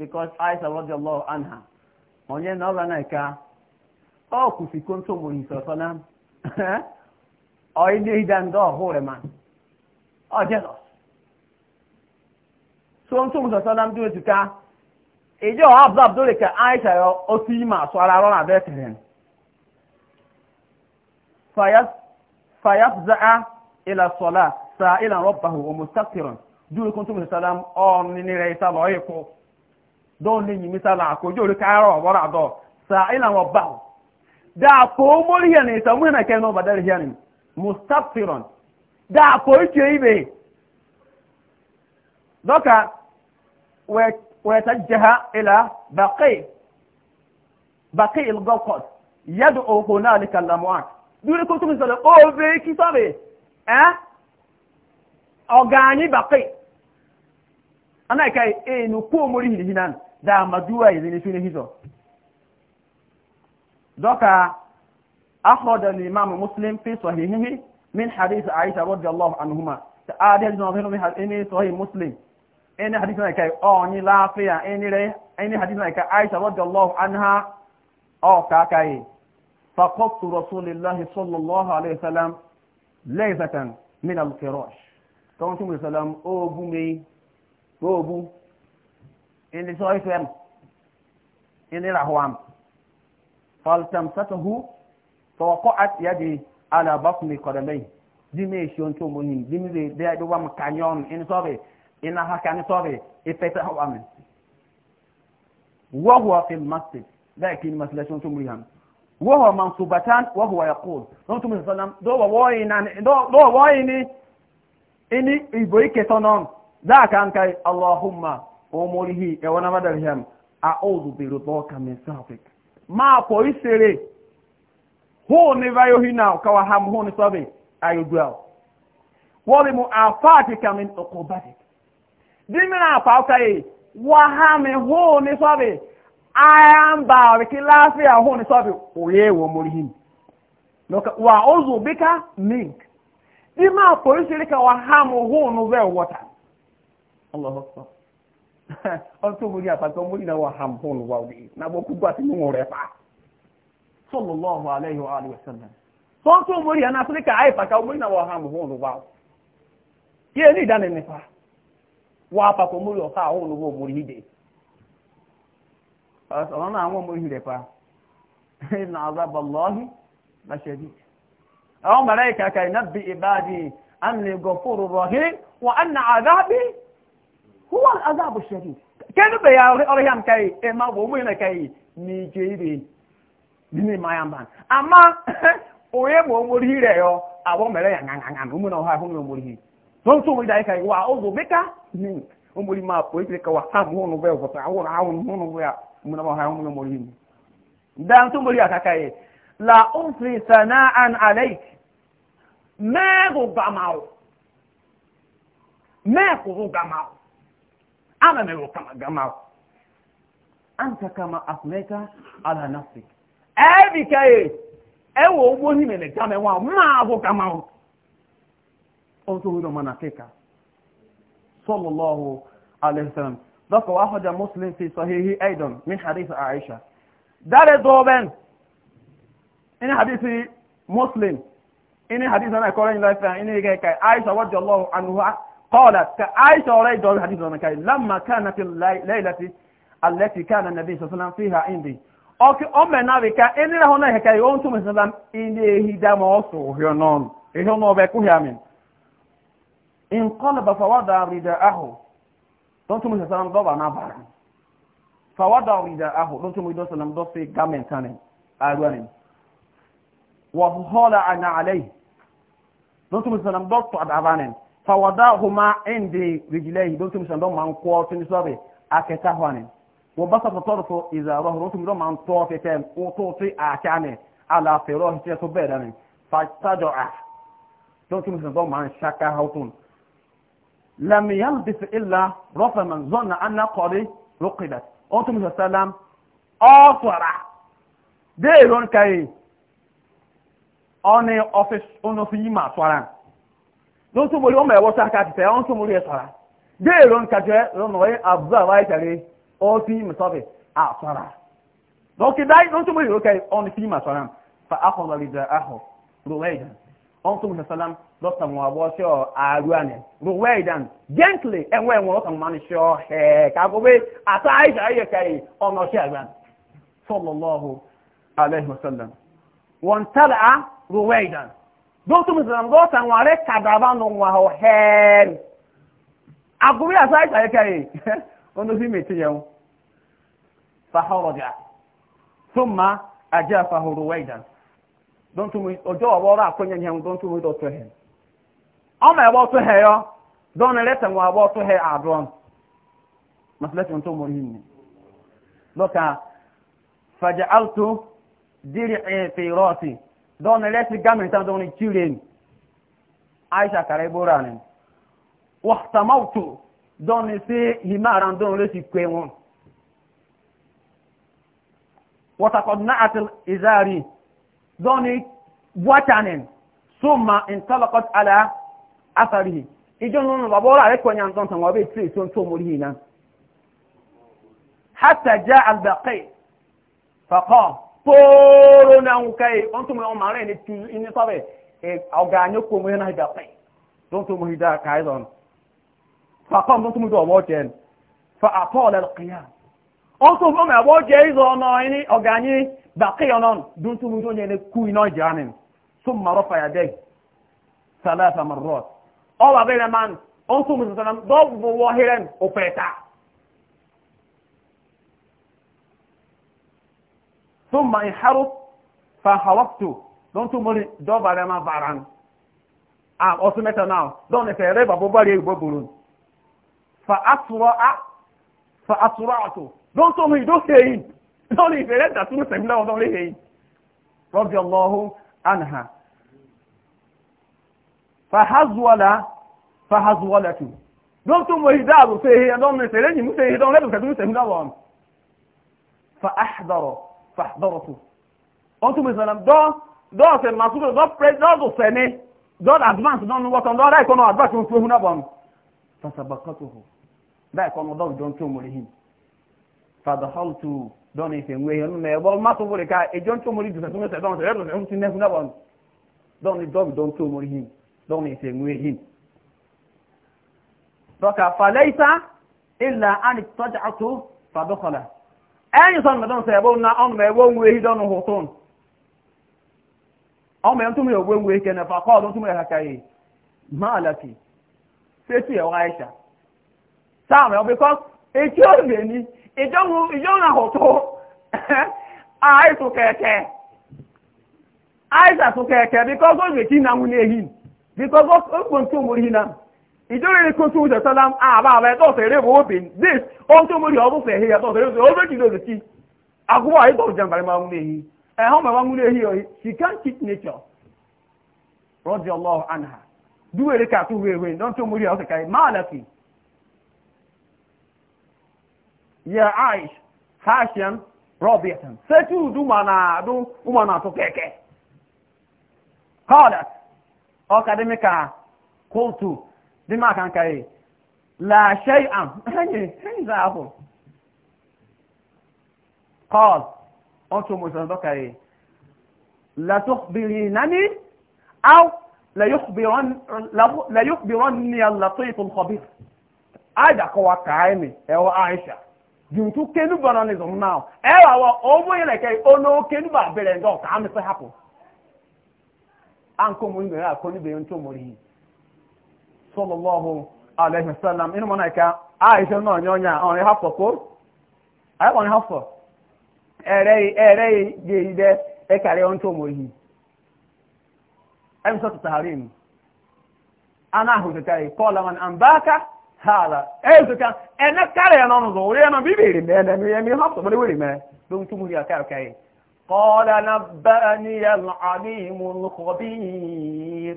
because Aisha radiyallahu anha onye na ọba na-eka ọ kwụsịkwo ntụ mụrụ isi ọsọ na ọyịdị ịda ndị ọhụrụ ma ọ jelọs so ntụ mụrụ ọsọ na ndị otu ka ịdị ọha abụọ abụọ dịka Aisha ya otu ime asụ ara arụ na betere fayafza'a ila sola sa ila rabbahu wa mustaqiran duru kuntum salam on ni ni reisa lo yiku don ne nyimi sala ko jori karo bora do sa ila wa ba da po mori ya ne ta muna kai no badar ya ne mustafiron da po ke ibe doka wa wa tajjaha ila baqi baqi al gawqat yad'u hunalika al amwat dure ko tumi sala o be ki sabe eh ogani baqi ana kai e no po mori hinan da maduwa izini shine hizo doka akhraj al imam muslim fi sahihihi min hadith aisha radiyallahu anhuma ta'adil nawhiru min hadith sahih muslim any hadith na kai o ni lafiya any re any hadith na kai aisha radiyallahu anha o ka kai فقبت رسول الله صلى الله عليه وسلم ليلة من الفراش. كون تقول سلام أوبو مي أوبو إن سوي فم إن رهوام فالتمسته فوقعت يدي على بطن قدميه dimi esiyon tó mo yin dimi bi bẹ́ẹ̀ bí wàá mu kanyon ẹni sọ́ọ̀bì ẹna ha kani sọ́ọ̀bì ìfẹ́tẹ́ hàn wàmí. wọ́hùwà fi masjid bẹ́ẹ̀ kí ni masilasi tó mo yin hàn wọ́hùwà mansubatan wọ́hùwà yakul lọ́n tó mo sọ sọ́nà dọ́wọ́ wọ́ọ̀yìn ní ìbò ìkẹtọ́ náà dáa kan kai allahumma umurihi ewana madarham a'udhu bi ridwaka min safik ma po isere ho ne vayo hina ukawa ham ho ne sabe ayudwa wali mu'afatika min uqubatik dimina afa kai wa ham ho ne sabe ayamba wikilasi ya ho ne sabe oyewo murihi noka wa uzu bika mink dima po isere ka wa ham ho no ve wata ọtọ mo ní àpàtọ mo ní náà wà hàmpọn wà òde nàbọ sallallahu alaihi wa alihi wasallam sọtọ mo ní àná áfíríkà àìpàkà mo ní náà wà hàmpọn wà ó yé ní ìdáni nípa wà àpàtọ mo pa [laughs] la shadid ibadi anni ghafurur huwa al'azabu shari kenu be ya oriyan kai e ma bo mu na kai ni jebe ni ni maya man ama oye mo mori re yo awo mere ya nganga nganga mu na ha hu mo mori don so mo dai kai wa o go beka ni o mori ma po ikre ka wa ha mu no be ko ta wo na wo mu no ya mu na ha mu mori dan so mori aka kai la unfi sana'an alayk ma go gamao ma ko go gamao ana ne kama gama anta kama asmeka ala nafsik ebi kaye ewo ugbo ni mele kama wa ma abu kama o o so wuro mana keka sallallahu alaihi wasallam ذكر أحد مسلم في صحيحه أيضا من حديث عائشة دار دوبن إن حديث مسلم إن حديث أنا كورين لايفا إن عائشة رضي الله عنها قالت عائشة ورأيت دور الحديث المكاري لما كانت الليلة التي كان النبي صلى الله عليه وسلم فيها عندي أوكي أمي نابكا إني لهنا هكاي أنتم صلى الله عليه وسلم إني هدام أصو هنون هنون بكو هامين انقلب فوضع رداءه أنتم صلى الله عليه وسلم ضبع نابار فوضع رداءه أنتم صلى الله عليه وسلم ضبع قامن تاني أروانين وهو أنا عليه أنتم صلى الله عليه وسلم ضبع أبانين فوضعهما عند رجليه دون تمشي عندهم عن قوة تنسوابي أكتاهواني وبسط طرفه إذا راه رسم دوم عن طوفي تام وطوفي أعكاني على فراش تيسو بيداني فاجتجع دون تمشي عندهم عن شكا هوتون لم يلبث إلا رفع من ظن أن قري رقدت أنتم صلى الله عليه وسلم أصرع ديرون كاي أني أوفيس أنو في ما صران don so mori ọmọ ẹwọ sáà káàkiri sẹ́yà wọn so mori ẹ sọ̀rọ̀ dé èrò nkàtẹ́ lọ́nà ọ̀yẹ́ àbúrò àwọn àìsàrè ọtí mùsọ̀fẹ̀ àsọ̀rọ̀ lọ́kì dáì don so mori ìró kẹ́ ọ̀n fi mà sọ̀rọ̀ fa ahọ̀ lọ́lì dà ahọ̀ rọwẹ́ẹ̀dàn ọ̀n so mùsọ̀ sálám lọ́sà wọn àbọ̀ ṣẹ́ ọ àrùn àná rọwẹ́ẹ̀dàn gẹ́ǹtìlì ẹ̀wọ̀n ẹ̀wọ̀n lọ́sà wọn ṣẹ́ ọ ẹ̀ kàgbọ́gbé àtà àìsàrè yẹ kẹ́ ọ̀nà ṣẹ́ àgbà sọ́lọ́lọ́hu alẹ́ dóòtú mùsùlùmí bó wọn rẹ kàdàbà nù wọn hó hẹ́ẹ́rì àgùrí àti àìsàn yìí kẹyì ọdún sí mi ti yẹn o fàhọrọ jà tó ma àjẹ àfàhọrọ wẹ̀dàn dóòtú mi ọjọ́ ọ̀wọ́ rà kó yẹn yẹn dóòtú mi tó tó hẹ ọmọ tó hẹ yọ dóòtú rẹ tẹ̀wọ̀n ẹ̀wọ́ tó hẹ àdúrọ̀n tó mọ̀ yìí ni don electric garment and don children aisha kare bora ni wa tamautu don se himara don le si kwe won wa taqadna'at al-izari don watanen summa intalaqat ala atharihi ijo nunu babora re ko nyan don tan wa be tri ton jaa al-baqi pooro na nkai e, onto mo mare ni tu ini sabe e oganyo ko mo na da pai don to mo hida kai e don fa pa don to mo do mo ten fa apol al qiyam onto mo ma bo je izo no ini oganyi baqi onon don to mo do ne ku ino janin summa rafa yadai ثلاث مرات او بين من انتم مثلا ضرب واهرا وفتا ثم انحرف فانحرفت دون تمر دوبا لما باران ام اوسمتا ناو دون فيري بابو باري بوبورون فاسرع فاسرعت دون تمر دو سيين دون فيري داتو سيملا دون لهين رضي الله عنها فهزول فهزولت دون تمر دابو سيين دون فيري مو سيين دون لبس دون سيملا فاحضر fàdọ́rọ̀tù wọ́n tún bí sọ̀rọ̀ dọ́ọ̀ sẹ̀ màsúrò dọ́ọ̀dù sẹ̀ ni dọ́ọ̀dù advance náà wọ́n tán dọ́ọ̀dù àìkọ́nà advance ń fún náà bọ̀ nù fasabakọ́tò hù dáìkọ́nà dọ́ọ̀dù dọ́ọ̀ tó mọ̀rẹ̀ yìí fàdọ́ọ̀tù dọ́ọ̀nù ìfẹ̀ ń wé yẹn nínú ẹ̀bọ́ mọ́tò wọlé ká ẹjọ́ tó mọ̀rẹ̀ jù sẹ̀tún sẹ̀tún sẹ̀tún sẹ̀tún ti nẹ́fún náà bọ̀ nù dọ́ọ̀nù dọ́ọ̀dù dọ́ọ̀ tó mọ̀rẹ̀ yìí dọ́ọ̀nù ìfẹ̀ ń wé yìí dọ́kà fàlẹ́yìí sá ilà ánì tọ́jà tó fàdọ́kọ̀lá ẹ̀yìn sọ́nà mẹ́tọ́ sọ ẹ̀bọ́n na ọmọ ẹ̀wọ́ ń wéhí dọ́nù hùtún ọmọ ẹ̀m túnmù ẹ̀wọ́ ń wéhí kẹ́nẹ̀ fàkọ́ ọdún túnmù ẹ̀hàkà yìí máa lẹ́kì fẹ́tù ẹ̀wọ́ àìṣà sáàmù ẹ̀ bíkọ́ ó lè ní ìjọ́nà hùtún àìsù kẹ̀kẹ́ àìsà ìjọba ẹni kó tún ṣe sọlám àbá àbá ẹtọ ọsẹ eré wo bìn this ohun tó mórí ọdún fẹ hìyà tọsẹ eré ọdún kìlọ lè ti àgùwọ àyíkọ ọjà nbàrẹ máa ń lé yìí ẹhọn máa ń yìí she can keep nature rọjò allah anha dúwé eré kàtó wéwé lọ́n tó mórí ọsẹ káyé máa lẹ́kì. yẹ aish hashem robertson ṣètù dùmọ̀nà dị m aka nka yi la shei am enyi enyi za ahụ kọl otu mụsọ dọka yi la tukbiri nani aw la yukbiron ni latif alkhabir aja kọwa kaa mi ẹwọ aisha juntu kenu bọrọ ni zọm naa ẹwà wọ ọmọ yẹlẹ kẹ ọnà kenu bá bẹrẹ ndọ kàá mi fẹ hapụ ankomo nyere akọni bẹrẹ ntọ mọrọ yìí sallallahu alaihi wasallam inu mana ka aisha no nyonya on ha foko ai on ha fo ere ere je ide e kare on to mohi am so taharim ana hu de kai qala man ambaka hala e so ka ene kare no no zo re no bibiri me ne mi mi قال نبأني العليم الخبير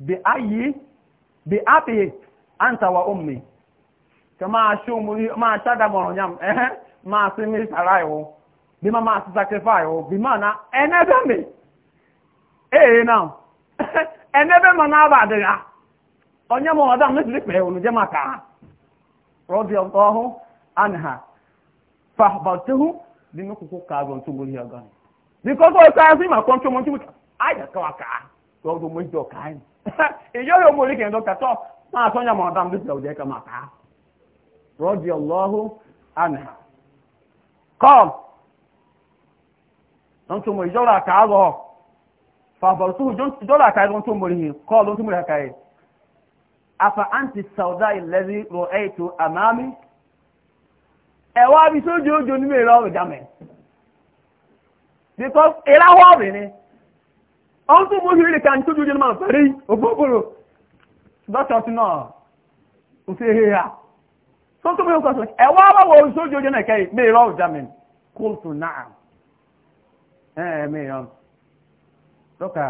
bi ayi bi abi anta wa ummi ka ma ma tada mo nyam eh ma si sarai wo bi ma ma sacrifice wo bi na enebe mi eh na [laughs] enebe ma na ba de ya onye mo oda mi si pe onu je ma ka rodi allah anha fahbatuhu ku ka ya gan because o ka si ma ai ka wa ka to go mo jo kai e yo yo mo ri ken doctor to ma so nya mo dam dis lo je ka ma ta radi allah anha qam don to mo jo la ka go fa fa tu don jo la ka don to mo ri ko don to mo la ka e afa anti sauda alladhi ra'aytu amami ẹwà bí sójú ojú onímọ̀ ìrọ̀ ọ̀rọ̀ jámẹ̀ because ìlàwọ̀ ọ̀rẹ́ ọ́n tó mọ́jú ilẹ̀ kan tójú jẹ́ máa fẹ́rí ògbógbòrò lọ́tọ̀ọ̀tí náà ò sí ehe ha tó tó mọ́jú kọ́sọ̀ na àwọ̀wọ̀ òṣòjú jẹ́ nàkẹ́ mẹ́rọ ìjámin kóòtù náà ẹ̀ẹ́ mẹ́rọ lọ́kà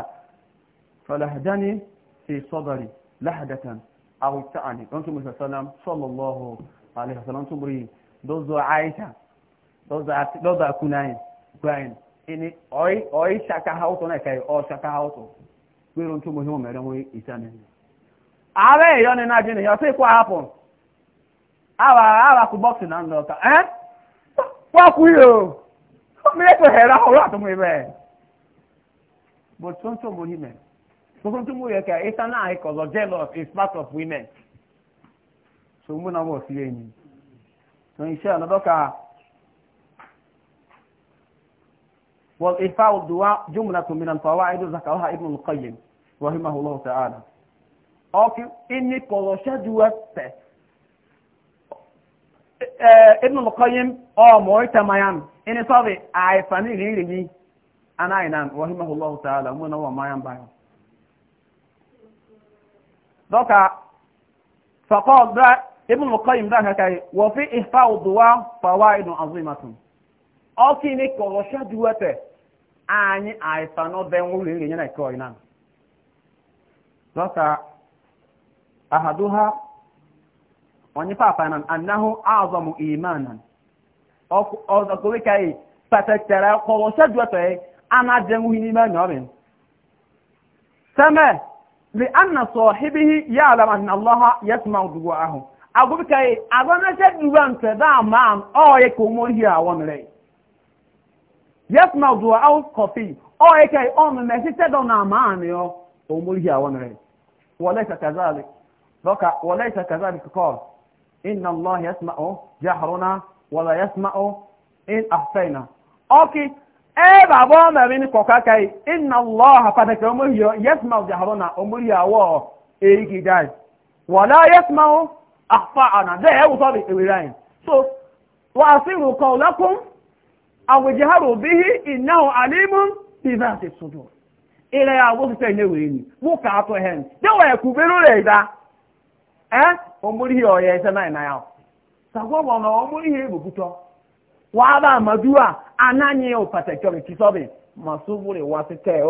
fọláhàdáni fi sọ́bàrì láhàdàtàn àwùtáàni lọ́n tó mọ́jú sọ́lám sọ́lọ́lọ́hù alẹ́hàsọ́lám tó mọ́jú lọ́zọ̀ na lọ́zọ̀ àkúnáyìn ini oi oi shaka hauto na kai o oh shaka hauto kwero ntu muhimu oh, mere nwe isane awe yo ne na jini yo se kwa happen awa awa ku box na ndo ka eh kwa ku yo mi ko hera ho ra to mu ibe bo tonto muhimu so eh. tonto mu ye eh, ka isana ai ko lo jealous is part of women so mu na wo fi eni so inshallah doka والإرفاع الدعاء جملة من الفوائد ذكرها ابن القيم رحمه الله تعالى أوكي إني قرشة دوات ابن القيم أو مويتا ميان إني صافي عايفاني غيري أنا عينان رحمه الله تعالى من هو ميان بايان دوكا فقال ده ابن القيم ده كاي وفي إحفاء الدعاء فوائد عظيمة أوكي إني قرشة دوات anyị aịsa n'ọbẹ nwụrụ nri nye na ike ọyị na zọta ahaduha onye papa na annahu azamu imanan ọzọkọwe ka yi patattara kọwọ ṣẹjuwata yi ana jẹ nwuhi n'ime ẹni ọbin teme li anna sọhibihi ya alama na allaha yasma duwa ahụ agwubi ka yi agwọnẹsẹ duwa ntẹ daa maa ọ yẹ ka ụmụ hi awon rẹ yes ma do a kofi o e kai o me me site do na ma ni o o mo ri awon re wala kazalik doka wala ta kazalik qol inna allah yasma'u jahruna wala yasma'u in ahsayna okay e babo me bi ni koka kai inna allah fa ta mo yo yasma'u jahruna o mo ri awo e ki dai wala yasma'u ahfa'ana de e wo so bi e wi rain so wa asiru qawlakum àwọn ìjẹ́hàrò bí i ìnáhùn alímún bíbá àti ṣùdù ilẹ̀ àwọn òṣìṣẹ́ ìléwé ni mú kàátọ̀ ẹ̀hẹ́n jẹ́wọ̀ ẹ̀kú bẹ́rù rẹ̀ ìdá ẹ́ omúrí ọ̀yẹ́ ẹ̀ṣẹ́ náà ìnáyà sàgbọ́n ọ̀nà omúrí ìbùkútọ́ wà á bá àmàdúrà anáyẹ òpàtẹ̀kẹ́ rẹ̀ kí sọ́bì màsúwúrì wá sí kẹ́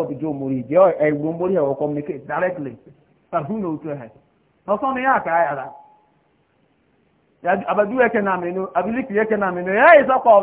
nà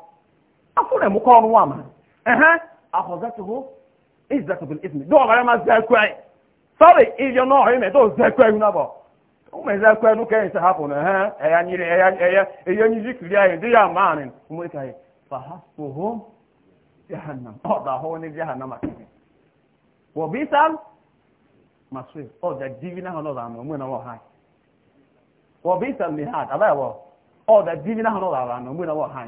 akụrụ emu kọọ nwa ma ma sọrị ịrịọ n'abọ ụmụ kee nsị na ehe eya nyiri eya eya eya kiri anyị dị ya maa nị ụmụ anyị jahannam ọ oh, ahụ jahannam na ha na ọ ha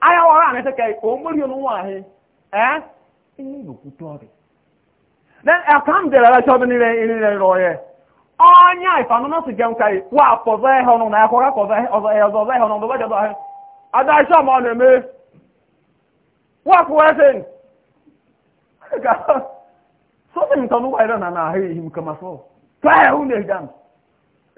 aya e? a na nẹ́sẹ̀ kẹ́ òun mórí olóhùn àhẹ ẹ́ inú ìlòkútọ́ rẹ̀ then ẹ̀ka ń bẹ̀rẹ̀ ẹ̀ṣọ́ bí onye ìrìnlẹ̀ si yẹ ọ̀nyá ìfànú náà sì ọnụ na wà e, ọzọ ọzọ ọzọ ọzọ rákọ̀fẹ́ ọ̀zọ̀fẹ́ ọzọ ọ̀bẹ̀ bẹ́jọ́ báyìí adá iṣẹ́ ọmọ na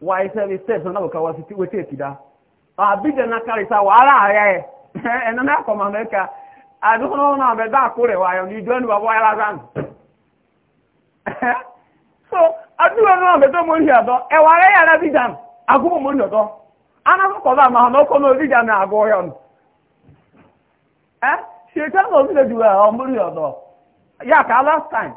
why steps na wete abide na karisa wala aya e na na koma meka adu no na be da kure wa yo ni do ni zan so adu no be mori ado e ya na bidan agu mori odo ana ko ko ba ma no ko no bidan na agu yo eh she tell us the do o eh, mori odo ya ka last time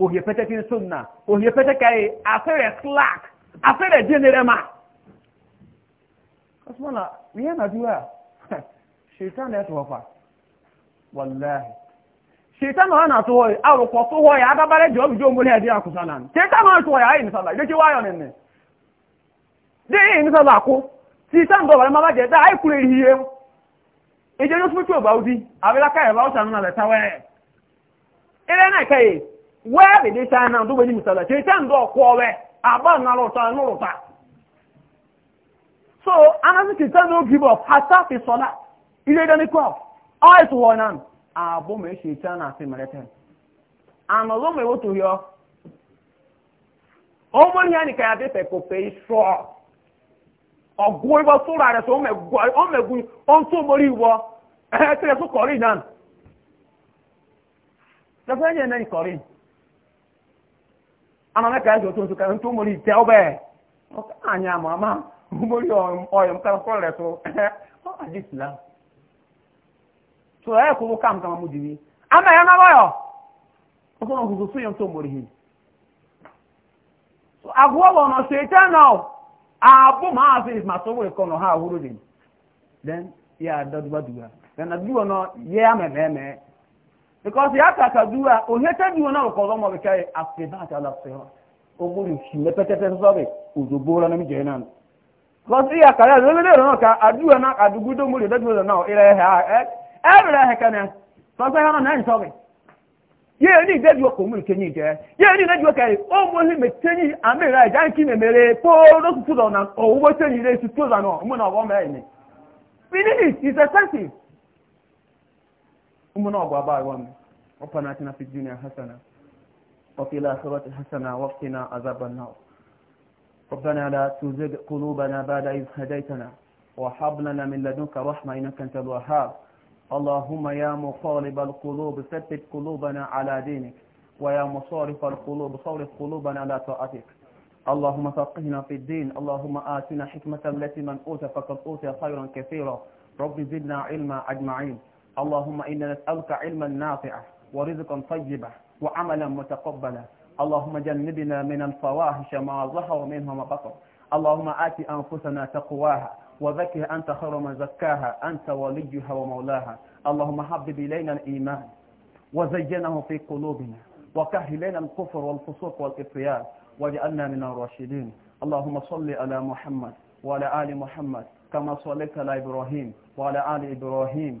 ohe pɛtɛkin sunna ohe pɛtɛkai e afɛrɛ slack afɛrɛ jenerema kasumala wiye na juwa [laughs] shaitan ya tuwa fa wallahi shaitan wa na tuwa e. aro ko tuwa ya dabare jo bi jo mo le dia kusana shaitan wa tuwa ya ni sala de ki wa yo ne de ni sala ko shaitan do bare mama je da ai kure hiye eje no futu e ba udi abela kai ba o sanu na le tawe ire na kai wẹ́ẹ̀ dèdè china tó gbẹ́ni mùsàlá ṣe tẹ́ ǹdọ́ ọ̀kọ́ ọ̀wẹ́ àbá ńlọrọ̀ ọ̀tọ̀ ta. so anasi kìtẹ́ ní ògì bọ̀ pàṣẹ àti sọlá ilé dání kọ́ ọ̀ẹ́sì wọ̀ náà ààbò mẹ́ ṣe china yọ. ọmọ ní ànìkà yàtọ̀ ìfẹ́ kò fẹ́ sọ ọ̀gbọ́n ìwọ sóra rẹ̀ sọ ọmọẹ̀gùn ọ̀n tó mọ́rí ìwọ ẹ̀ẹ́tẹ̀rẹ̀ tó kọ̀rí náà. amana ka nso to nso ka nto mori te obe anya mama mori o o ka ko le so o adi islam so e ko kam kam mu dini ama ya na boyo o ko nso so yom to mori hin so agwo wo no satan now abu ma afi ma so we ko no ha huru din then ya dadwa duwa then aduwa no ye ameme me because ya kaka dua ohete bi wona ko zo mo be kai asiba ta la sewa o mo ri shi me pete pete so na mi je nan because ya kaya le le ro ka adu na adugu do mo ri na o ire e ha e e ha he na so se ha na ni ye ni de bi o ko mo kenyi je ye ni na ju ka e o mo ri me amira ja ki me mere po do su do na o wo tenyi su to za mo na o me ni Finish is kuma أبو baba wa ربنا اتنا في الدنيا حسنه وفي الاخره حسنه وقتنا عذاب النار ربنا لا تزغ قلوبنا بعد إذ هديتنا وهب لنا من لدنك رحمه انك انت الوهاب اللهم يا مصالب القلوب ثبت قلوبنا على دينك ويا مصارف القلوب صرف قلوبنا على طاعتك اللهم فقهنا في الدين اللهم آتنا حكمة التي من أوتى فقد أوتى خيرا كثيرا رب زدنا علما أجمعين اللهم إنا نسألك علما نافعا ورزقا طيبا وعملا متقبلا اللهم جنبنا من الفواحش ما ظهر منها ما بطن اللهم آت أنفسنا تقواها وذكر أنت خير من زكاها أنت وليها ومولاها اللهم حبب إلينا الإيمان وزينه في قلوبنا وكهل إلينا الكفر والفسوق والإطيان واجعلنا من الراشدين اللهم صل على محمد وعلى آل محمد كما صليت على إبراهيم وعلى آل إبراهيم